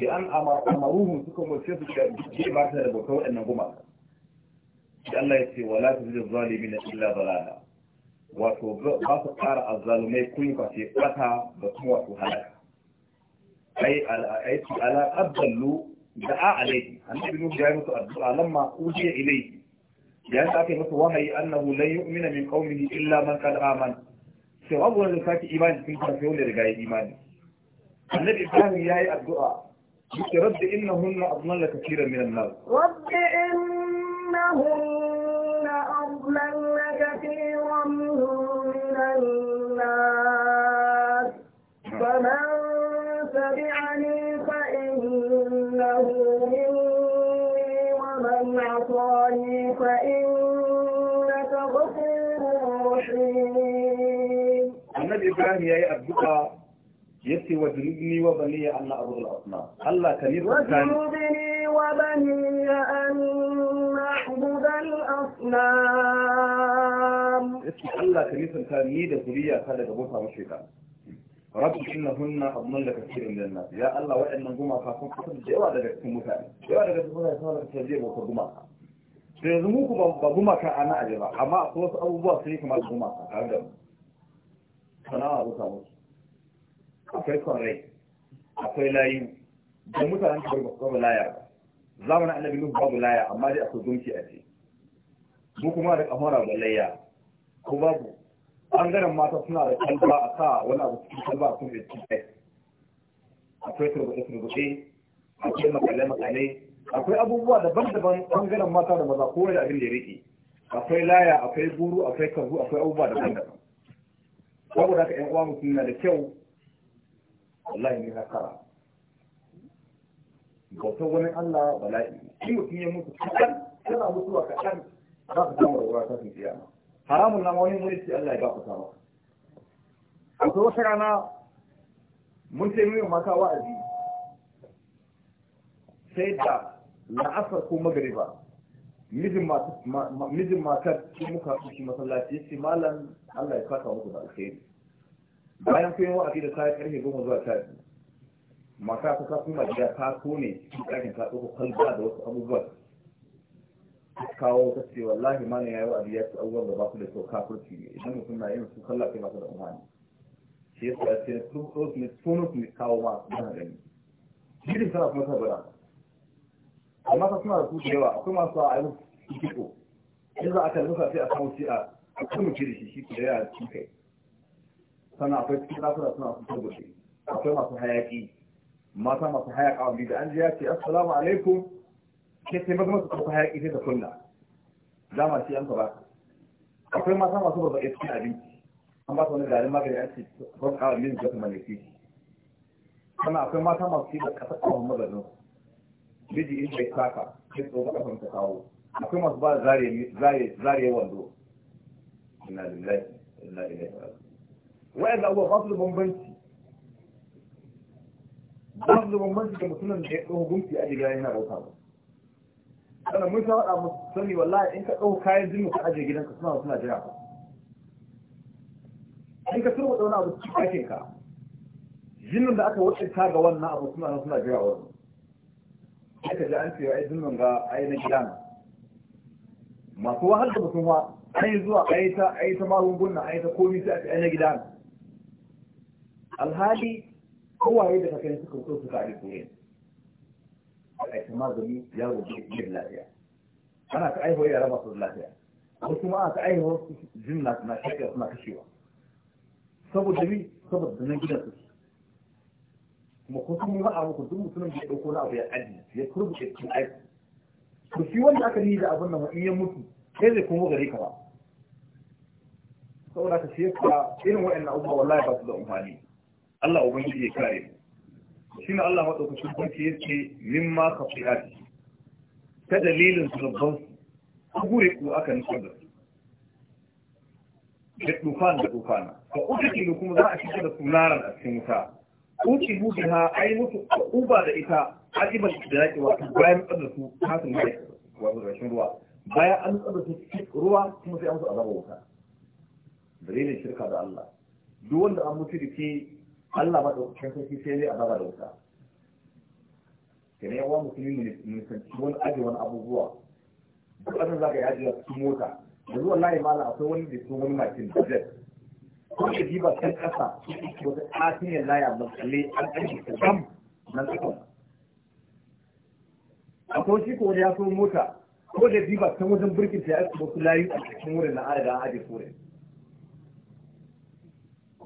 bi an amaruhu suka wace su da je ba ta da bauta wa'annan gumaka da Allah ya ce wala ta tuzilu zalimin illa balala wato ba su ƙara azzalumai kun kwace kwata da kuma wato halaka ai al'aiki ala da a alaihi annabi nuhu ya yi musu addu'a lamma ujiya ilaihi ya yi aka musu wahayi annahu lan umina min qaumihi illa man qad amana sai da ta sake imani cikin kafin wanda riga ya imani annabi ibrahim ya yi addu'a yake rabbi innahunna adnalla kathiran min an-nas rabbi innahunna adnalla kathiran min an-nas Ka غفور رحيم النبي إبراهيم يا أبوك يسي وجنبني وبني أن ya ce الله كبير وجنبني وبني أن نعبد الأصنام يسي الله كبير ثاني لذرية هذا جبوتها مشركا rabbi innahunna adlalna da min an-nas ya Allah wa'annan gumaka sun fitar da yawa daga cikin mutane yawa daga cikin mutane sun halaka sai ba ku gumaka to yanzu mu ku ba gumaka a na aje ba amma akwai wasu abubuwa sun yi kamar gumaka tare da mu a rusa musu akwai kwarai akwai layu don mutanen kabar ba babu laya ba zamanin annabi nuhu babu laya amma dai akwai gunki a ce mu kuma da kamar ba layya ko babu Bangaren mata suna da kalba a sa wani abu cikin kalba a kuma cikin akwai turbuɗe turbuɗe akwai makale makale akwai abubuwa daban-daban bangaren mata da maza kowa da abin da ya riƙe. akwai laya akwai guru akwai kanzu, akwai abubuwa daban-daban saboda haka 'yan uwa mutum na da kyau wallahi ne na kara bautar wani Allah bala'i shi mutum ya mutu kaɗan yana mutuwa kaɗan za ka samu rawar ta sun kiyama haramun na wani wani ce Allah ya gafarta maka akwai wata rana mun ce mun mata wa'azi sai da la'asar ko magariba mijin matar shi muka shi masallaci ya ce malam Allah ya saka muku da alheri bayan kun yi wa'azi da kayan karfe goma zuwa sha biyu mata ta kasu ma gida ta tone cikin ɗakin ta ɗauko kalba da wasu abubuwan kawo ta ce wallahi mana ya yi wa ya ci abubuwan da ba su da kyau kafurci ne idan mutum na yin su kalla kai masa da umarni shi ya ce sun ɗauki ne sun ɗauki ne kawo ma don gani. Gidin tana kuma sabara amma fa suna da su da yawa akwai masu a ainihin kiko in za a kalli a sai a samu sai a kuma kiri shi shi da yawa cikin kai sannan akwai cikin da suna su gobe akwai masu hayaki mata masu hayaka wanda da an ji ya ce assalamu alaikum ke sai maza masu kasu hayaki sai ta kunna dama shi yan ba akwai mata masu barbaɗe cikin abinci an ba su wani garin magani a cikin kwan kawai min zata mallake shi sannan akwai mata masu yi da kasar kawai maganin su miji in bai saka sai ga kafin ta kawo akwai masu ba zare zare wando ina lillahi ina ilaihi wa'anda abuwa ba su da bambanci ba su da bambanci da mutumin da ya tsoho gunki a gida yana bauta ba sannan mun ta faɗa musu sani wallahi in ka ɗau kayan jinmu ka ajiye gidanka suna suna jira ba in ka turba wani abu cikin ɗakin ka jinin da aka wuce ta ga wannan abu suna suna jira wani sai ka ji an cewa ai nan ga gida na masu wahal da mutum ma ai zuwa aita, aita ai ta magunguna ai komi sai a ce gida na gidan alhali kowaye da kakai suka so suka ari koyi ai aita magani ya rubuce jin lafiya ana ka aiho yara masu lafiya wasu ma aka aiho su na suna kashewa saboda bi saboda na gidan su kuma ko sun yi ba a muku duk mutumin da ya dauko na abu ya aji ya turbuke cikin aiki to shi wanda aka yi da abun nan in ya mutu sai zai kuma gare ka ba saboda ka shi yasa irin waɗannan abubuwa wallahi ba su da amfani Allah ubangiji ya kare mu shine Allah madaukakin sarki yake mimma ka fi hadi ta dalilin zubban su gure ku aka nufar da su da tufan da tufana ka uku kuma za a shiga da sunaran a cikin wuta kuki bude ha a yi uba da ita ajibal da yake bayan kada su kasin da wato rashin ruwa bayan an kada su ruwa kuma sai an su azaba wuta dalilin shirka da Allah duk wanda an mutu da ke Allah ba da kan sarki sai zai azaba da wuta kenan yawa musulmi mun san wani aji wani abubuwa duk abin zaka yaji yi ajiya mota yanzu wallahi malam akwai wani da su wani makin da zai ko ya ji kan kasa wata tasirin laya ba tsalle an aiki ta gam na tsakon akwai shi ko wani ya so mota ko da ji kan wajen birkin ta ya aiki wasu layu a cikin wurin na adada an ajiye wurin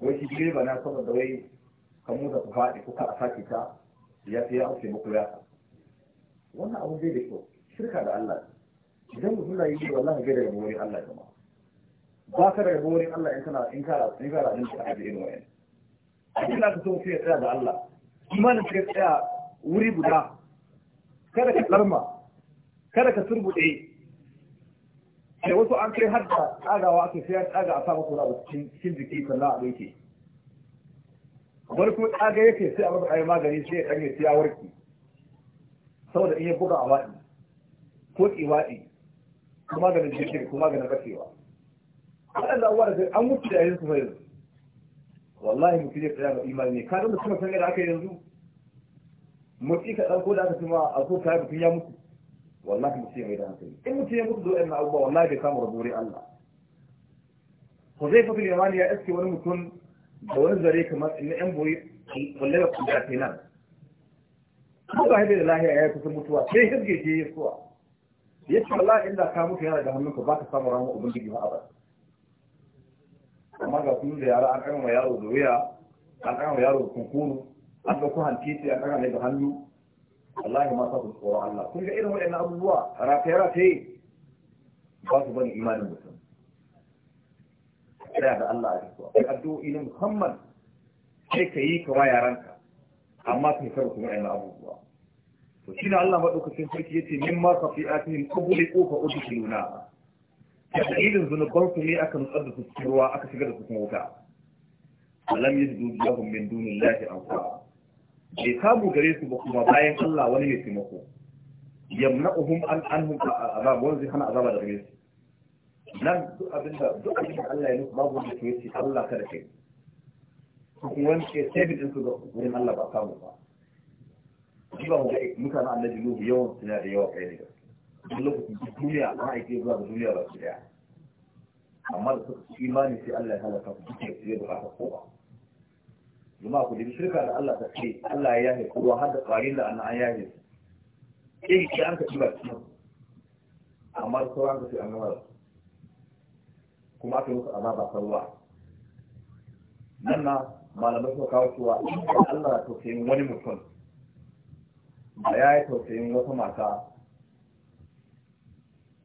wai shi direba na saboda wai kan mota ku faɗi ko ka a sake ta ya fi ya auke muku ya wannan abu bai da kyau shirka da Allah idan mutum na yi wallahi bai da wani Allah jama'a ba ka daga wurin Allah in kana in kara in kara din ka abi irin wayan abin da ka so ka tsaya da Allah imanin ka tsaya wuri guda kada ka larma kada ka turbude Sai wasu an kai har da tsagawa ake sai tsaga a sa kula da cikin jiki sannan a ɗauke wani tsaga yake sai a masa ayi magani sai ya ɗanye sai ya warke saboda in ya buga a waɗi ko ƙi waɗi ko maganin jirgin ko maganin rashewa waɗanda abuwa da an mutu da yayin su fa yanzu wallahi mutu zai tsaya ga imani ne ka zama suna sanya da aka yanzu mutu ka ɗauko da aka cima a so kayan mutum ya mutu wallahi mutu ya mai da hankali in mutu ya mutu da waɗannan abubuwa wallahi bai samu rabuwar Allah ko zai fatul yamani ya iske wani mutum da wani zare kamar na yan boye wallahi ba kuma da nan ko ba hade da lahiya ya kusa mutuwa sai hirge je ya suwa ya ce wallahi inda ka mutu yana da hannunka ba ka samu ramu ubangiji ba abada amma ga kun da yara an wa yaro da wuya an wa yaro da kunkuru an ga kuhan sai an kan da hannu wallahi ma sa su tsoro Allah kun ga irin waɗannan abubuwa rafe rafe ba su bane imanin mutum kira da Allah a cikin akwai addu'o'i na Muhammad, sai ka yi kawa yaranka amma kai kar ku waɗannan abubuwa to shi ne Allah madaukakin sarki yace ce min ma ka fi atihim udkhiluna dalilin zunuban su ne aka nutsar da su cikin ruwa aka shiga da su kuma wuta alam yajidu lahum min dunillahi anfara bai samu gare su ba kuma bayan Allah wani mai taimako yamna'uhum an anhum azab wani zai hana azaba da gare su nan duk abin da duk abin da Allah ya nufa, babu wanda ke yace Allah kada kai kuma wani ke sabin din su ga wurin Allah ba samu ba ji ba mu ga mutanen annabi Nuhu yawan suna da yawa kai ne duk lokacin duk duniya an aike zuwa ga duniya ba su daya amma da suka ci imani sai Allah ya halaka ku duk da su ya bukata kowa jama'a ku da shirka da Allah ta ce Allah ya yahe kowa har da ƙwarin da annan an yahe su eh sai an ka ci ba su amma da sauran ka sai an gama da su kuma aka yi musu azaba ta ruwa nan na malamai suka kawo cewa in Allah ya tausayin wani mutum Ba ya yi tausayin wata mata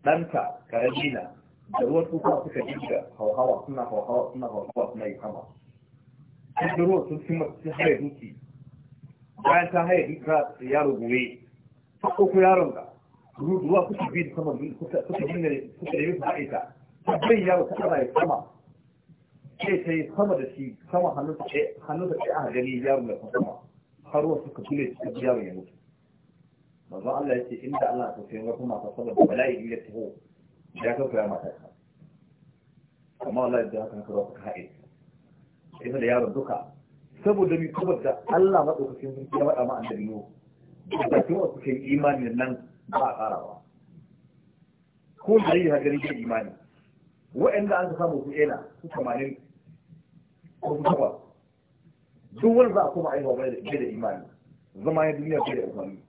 Danta karamina da ruwan kuma suka dinga hauhawa suna hauhawa suna hauhawa suna yi sama sun ruwa sun fi sun haye duki bayan ta haye duki ta yaro gobe ta ɗauko yaron ka ruwa kuka bi da saman kuka dinga kuka yi su haɗe ta ta bai yaro ta ana yi sama sai ta yi sama da shi sama hannunsa ke a gani yaro mai sama har wasu ka tule su ji yaro ya mutu manzon Allah ya ce inda Allah ta sayi wasu masu saboda bala'i in ya taho ya ka koya mata ka amma Allah ya haka ka rawa ka haɗe ita da yaron duka saboda mi saboda Allah madaukakin sun ya faɗa ma annabi yo da kuma wasu kai imanin nan ba a ƙara ba ko da yi hagari ke imani wa'anda an samu su ena su 80 ko su takwas duk wani za a koma aiwa bai da imani zama ya duniya bai da imani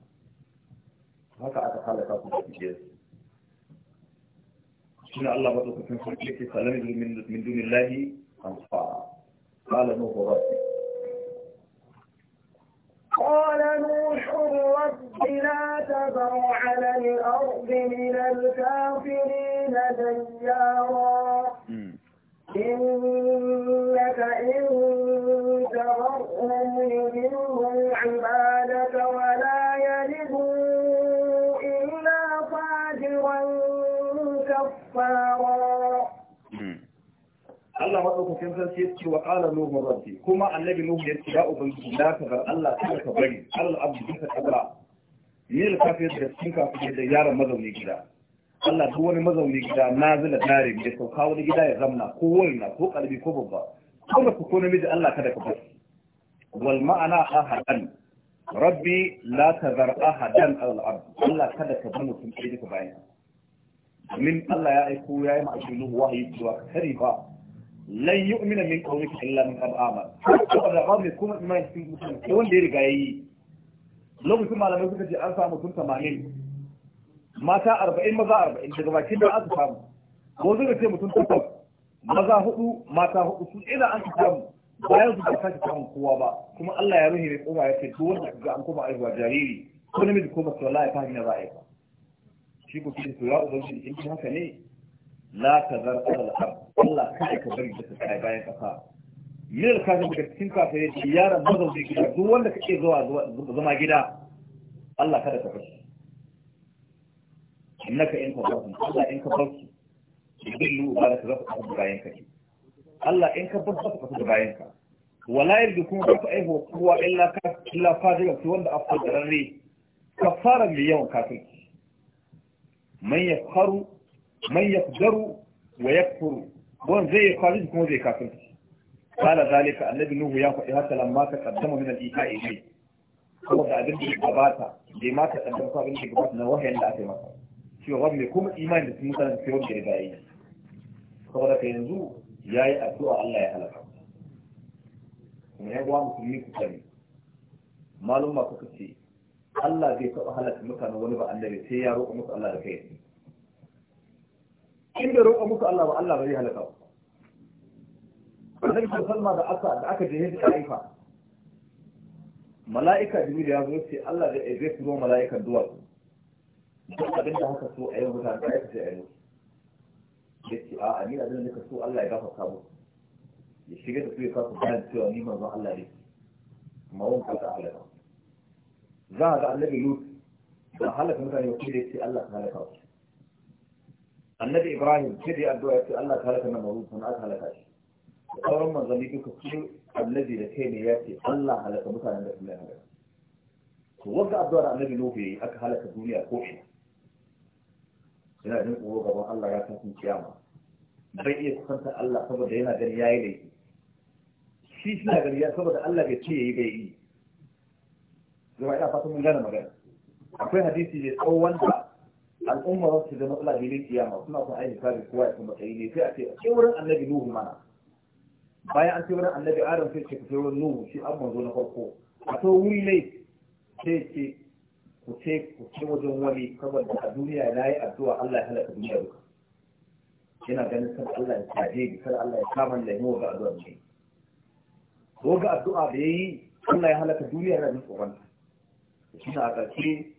haka aka halaka su da cikin shi ne Allah madaukakin sarki yake salam min dunillahi anfa qala nuhu rabbi قال نوح رب لا تذر على الأرض من الكافرين ديارا إنك إن Allah madaukakin sarki yake wa qala nuhu rabbi kuma annabi nuhu ya ce ya ubangiji da ka bar Allah ta ka bari Allah abdu duka kabra ni da kafe da cikin kafe da yaran mazauni gida Allah duk wani mazauni gida na nazila dare da sauka wani gida ya zamna ko wurina ko kalbi ko babba Ko kuma ku ko namiji Allah kada ka bar? wal ma'ana ahadan rabbi la tazar ahadan al ard Allah kada ka bar mutum ɗaya duka bayan min Allah ya aiko ya yi ma'aikulu wahayi cewa kare ba lan yu'mina min qawlika illa man qad amana ko da ba mai kuma mai cikin mutum sai wanda ya riga yayi lokacin malamai suka ce an samu tun 80 mata 40 maza 40 daga bakin da aka samu ko suka ce mutum takwas maza hudu mata hudu su ina an samu bayan su ba ta samu kowa ba kuma Allah ya ruhi mai kowa ya ce to wanda ga an kuma aiwa jariri ko namiji ko mace wallahi ya fahimta za ba shi ko shi to ya ubangiji in haka ne la ta zar alal har Allah kai ka bari da kai bayan kafa yin ka ga da cikin kafa ya ce yaron mazaunin gida duk wanda kake zuwa zama gida Allah kada ka fashi innaka in ka basu Allah in ka basu lu ba ka zaka ka bayan ka Allah in ka basu ka ka bayan ka wala yadda kuma ba ku aihu kowa illa ka illa fadila ki wanda afkar da ranre kafara mai yawan kafirki man ya faru man yaqdaru wa yakfuru gon zai yi kwazi kuma zai kafirci kala zalika annabi nuhu ya faɗi haka lamma ka kaddama min al-iha'i ne saboda abin da ya gabata bai ma ka kaddama abin da ya gabata na wahayin da aka yi maka cewa wani mai kuma imani da sun mutane sai wanda ya bayi Kuma daga yanzu ya yi addu'a Allah ya halaka kuma ya gwa musulmi ku sani malum ma kuka ce Allah zai taɓa halaka mutane wani ba annabi sai ya roƙa musu Allah da kai in da roƙa muku Allah ba Allah ba zai halaka ba annabi salma da aka da aka je da aifa mala'ika jibril ya zo sai Allah da zai turo mala'ikan duwatsu duk abin da haka so a yau mutane ya sai a yau ya ce a a ni abin da ka so Allah ya gafarta mu ya shiga da su ya kafa da cewa ni manzon Allah ne amma wani kasa halaka za a ga annabi lut da halaka mutane wakil da ya ce Allah ta halaka wasu annabi ibrahim sai da addu'a ya ce Allah ta halaka nan maruf sun aka halaka shi sauran manzanni duka su annabi da kai ne ya ce Allah halaka mutanen da kuma halaka to wanda addu'ar annabi nuhu yayi aka halaka duniya ko ina yana jin tsoro gaban Allah ya san kiyama bai iya kusantar Allah saboda yana gani yayi laifi shi shi na gani ya saboda Allah bai ce yayi bai yi zama ina fatan mun gane magana akwai hadisi ne tsawon da al'umma za su zama suna daidai kiyama suna son aiki kare kowa ya kuma tsayi ne sai a ce a ce wurin annabi nuhu mana bayan an ce wurin annabi adam sai ce ku ce wurin nuhu shi an manzo na farko a to wuri ne sai ce ku ce ku ce wajen wani saboda a duniya na yi addu'a Allah ya halaka duniya duka yana ganin kan Allah ya taje ni kar Allah ya kama da yi ga addu'a ne ko ga addu'a da ya yi Allah ya halaka duniya yana jin tsoron shi a ƙarshe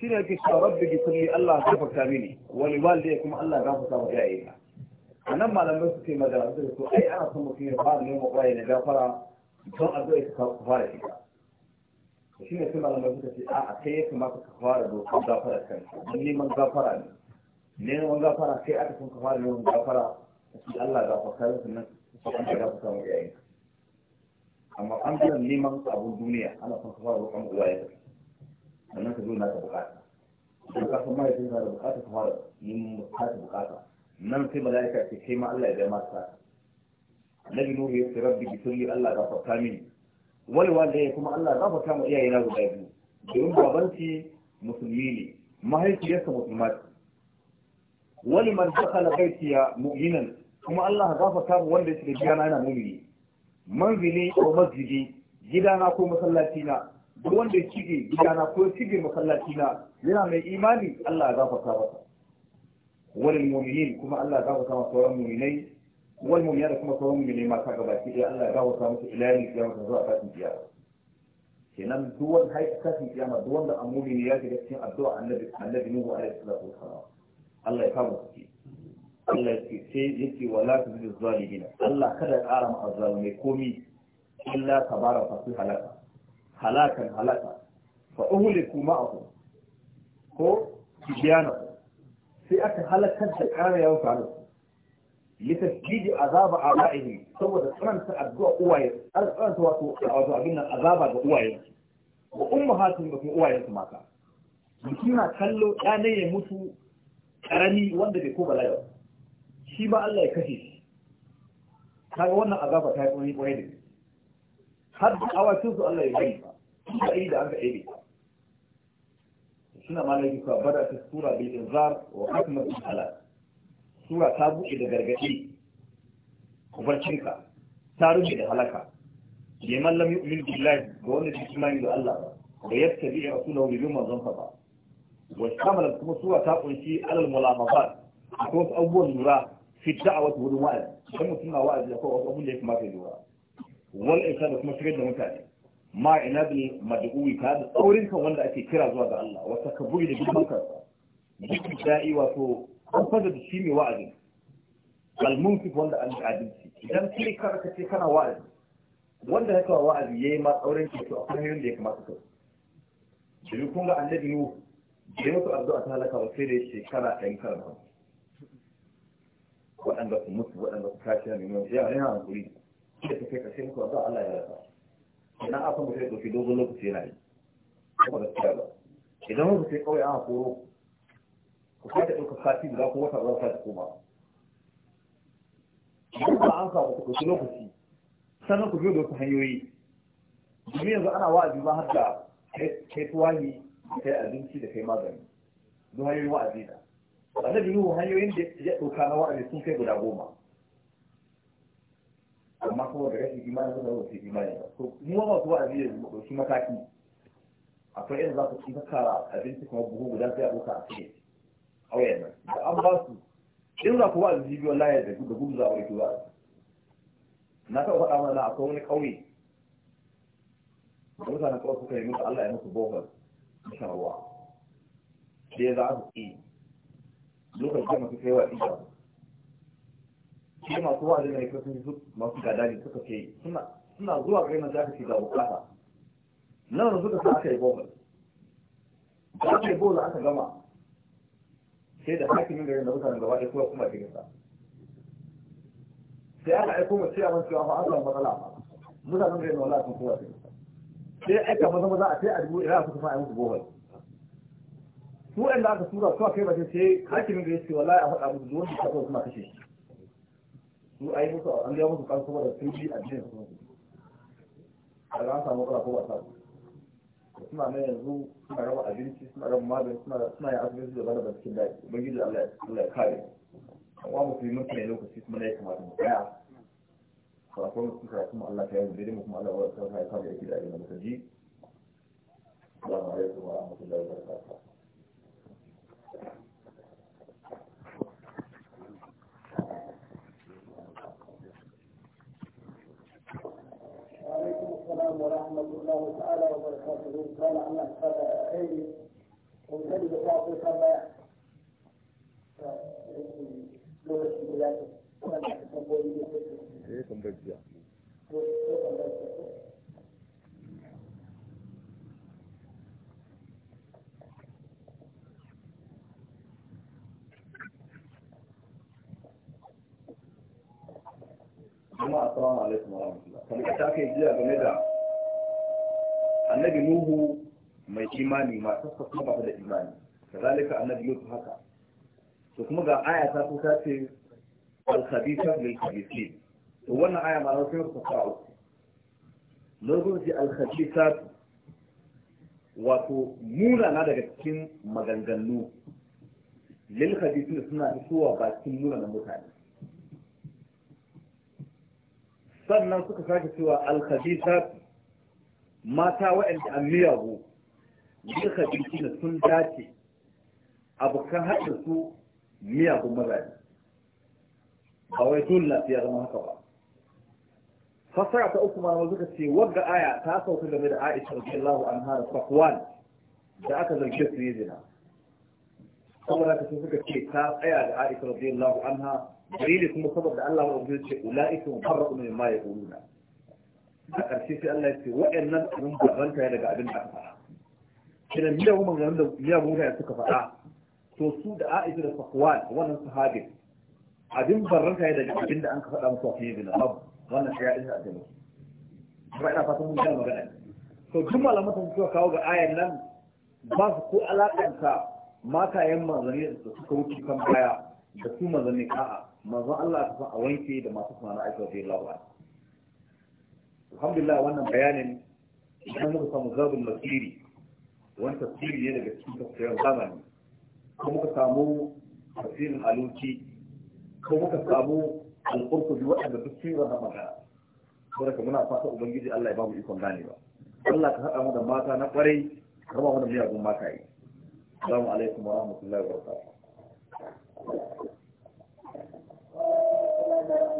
shi ne kisa rabbi ki kulli Allah gafarta mini wani walde kuma Allah gafarta wa jaye a nan malamai su ce madara su ai ana son mutum ya fara neman kwaye da gafara don a zai ka fara shiga shi ne su malamai suka ce a kai ya kamata ka fara dokar gafara kanka don neman gafara ne neman gafara kai aka son ka fara neman gafara shi Allah gafarta da sannan ka fara gafarta wa ka amma an biyan neman abun duniya ana son ka fara dokar uwaye sannan ka zo na ka bukata idan ka san mahaifin ka da bukata ka fara yin ta bukata nan sai malaika ce kai ma Allah ya zai ma ta nabi nuhu ya ce rabbi bisulli Allah ga fata mini wani wanda kuma Allah za fata mu iyaye na guda biyu domin babanci musulmi ne mahaifiyarsa musulma ce wani man dakhala baitiya mu'minan kuma Allah za fata mu wanda ya shiga gidana yana mu'mini manzili ko masjidi gidana ko masallaci na duk wanda ya cige gidana ko ya cige masallaci na yana mai imani Allah ya gafarta masa wal mu'minin kuma Allah ya gafarta masa sauran mu'minai wal mu'minat kuma sauran mu'minai mata gabaki ɗaya Allah ya gafarta musu ila yin kiyama zuwa kafin kiyama kenan duk wanda haika kafin kiyama duk wanda an mu'mini ya shiga cikin addu'a annabi annabi Nuhu alaihi salatu wassalam Allah ya kama su Allah ya ce sai yake wala zuwa zalimin Allah kada ya ƙara ma azzalimai komi illa tabara fa su halaka halakan halaka fa uhliku ma'akum ko tibyana sai aka halakar da ƙarayen faru litasjidi azaba a ra'ihi saboda tsananta addu'a uwaye an tsananta wato wato abin nan azaba ga uwaye ga ummahatin da kuma uwayen su mata mutum na kallo ɗane ya mutu ƙarami wanda bai ko bala'i shi ba Allah ya kashe shi kaga wannan azaba ta yi ƙwari ƙwari da har da awakin su Allah ya bari da ai da aka aibe suna ma laifi kuwa bada ta sura bil izar wa hakmar ala sura ta buɗe da gargaɗi kubarcinka ta rufe da halaka liman lam yu'min billahi ga wanda ke imani da Allah ba da yadda bi rasulahu bi manzon sa ba wa shamalat kuma sura ta kunshi alal mulamafat akwai wasu abubuwan lura fi da'awati wurin wa'azi idan mutum na wa'azi akwai wasu abubuwan da ya kamata ya lura wal isa da kuma shigar da mutane ma ina bi mad'uwi ka da tsaurin kan wanda ake kira zuwa ga Allah wata ka buri da dukkan kansa duk da'i wato an fada da shi mai wa'azi al munfi wanda an adalci idan kai ka ce kana wa'azi wanda ya kawo wa'azi yayi ma tsaurin ki to akwai hanyoyin da ya kamata ka yi kun ga annabi nu da yau addu'a ta halaka wa sai da shekara ɗan karfa waɗanda su mutu waɗanda su kashi na neman a yana hankuri da ta kai ka sai addu'a Allah ya rasa idan aka mutu ya ɗauki dogon lokaci yana yi kuma gaskiya ba idan wanda sai kawai ana koro ku sake ɗauka sati guda ko wata zuwa sati koma Duk ba an samu ku ɗauki lokaci sannan ku biyo da wasu hanyoyi domin yanzu ana wa'azi ma har da kai tuwahi kai abinci da kai magani don hanyoyin wa'azi da annabi nuhu hanyoyin da ya ɗauka na wa'azi sun kai guda goma amma kuma da rashin imani da wasu imani ba kuma masu wa'azi da ɗauki mataki akwai yadda za su ci kara abinci kuma buhu guda sai a ɗauka a cikin auyen nan da an ba su in za ku wa'azi biyu layar da gudu za a ɗauki ba? na taɓa faɗa mana akwai wani ƙauye da mutanen ƙauye suka yi musu Allah ya musu bohar na ruwa ya za su ƙi lokacin da masu kaiwa ɗiga shi masu wa'azi na yi kasu masu gadari suka ce suna suna zuwa gare nan zaka shiga bukata nan da suka sa aka yi bohol da aka yi bohol aka gama sai da hakimin garin da mutanen gaba ɗaya kuma kuma cikin sa sai aka aiko mai sai a man cewa an samu matsala ba mutanen garin wala sun kuma cikin sa sai aika maza maza a sai a dubu ina suka sa a musu bohol su da aka tura su a kai ba sai hakimin gari ce wallahi a faɗa musu zuwan da ta kuma kashe shi su yi musu an biya musu kan kuma da sun bi jiya su a ran samu matsala ko ba suna nan yanzu suna raba abinci suna raba magani suna yin asibiti da bada cikin daji ubangiji Allah ya kare an wa musulmin ne lokaci kuma na ya kamata mu tsaya karatu mu kuma karatu mu Allah ta yi daidai mu kuma Allah ya kare ya kare yake da abin da muka ji assalamu alaikum wa rahmatullahi da barakatuh عليكم ورحمة الله تعالى وبركاته قال أن أحفظ أيدي ومسلم بطاقة كما السلام عليكم ورحمة الله. jama'a assalamu alaikum warahmatullahi annabi nuhu mai imani masu kuma ba da imani kazalika annabi yusuf haka to kuma ga aya ta so ta ce al-khabitha lil khabithin to wannan aya ma sai ta fara lokacin ji al-khabitha wato muna na daga cikin maganganu lil khabithin suna fitowa cikin muna na mutane sannan suka sake cewa al-khabitha mata waɗanda an miyagu duka na sun dace abokan haɗin su miyagun mazaje ba wai dole lafiya zama haka ba fassara ta uku ma suka ce wagga aya ta sauka game da Aisha radiyallahu anha da Safwan da aka zarge su yi zina saboda ka sai suka ce ta tsaya da Aisha radiyallahu anha dalili kuma saboda Allah ya rubuce ulaika mufarraqun mimma yaquluna a ƙarshe sai Allah ya ce waɗannan abin baranta ya daga abin da aka faɗa kiran miyagun maganganun da miyagun mutane suka faɗa to su da Aisha da Safwan wannan sahabi abin baranta ya daga abin da an ka faɗa musu a fiye da babu wannan sai ya isa a jami'a ba ina fatan mun gane magana to duk malaman sun suka kawo ga ayan nan ba su ko alakanta matayen manzanni da suka wuce kan baya da su manzanni ka'a manzon Allah ta san a wanke da masu sunan Aisha radiyallahu anha alhamdulillah wannan bayanin idan muka samu zabin masiri wani tafsiri ne daga cikin tafsirin zamani ko muka samu tafsirin aluki ko muka samu alƙurƙubi waɗanda duk sun rana magana saboda muna fata ubangiji Allah ya ba mu ikon ganewa Allah ka haɗa mu da mata na ƙwarai ka raba mu da miyagun mata yi assalamu alaikum wa rahmatullahi wa barakatuh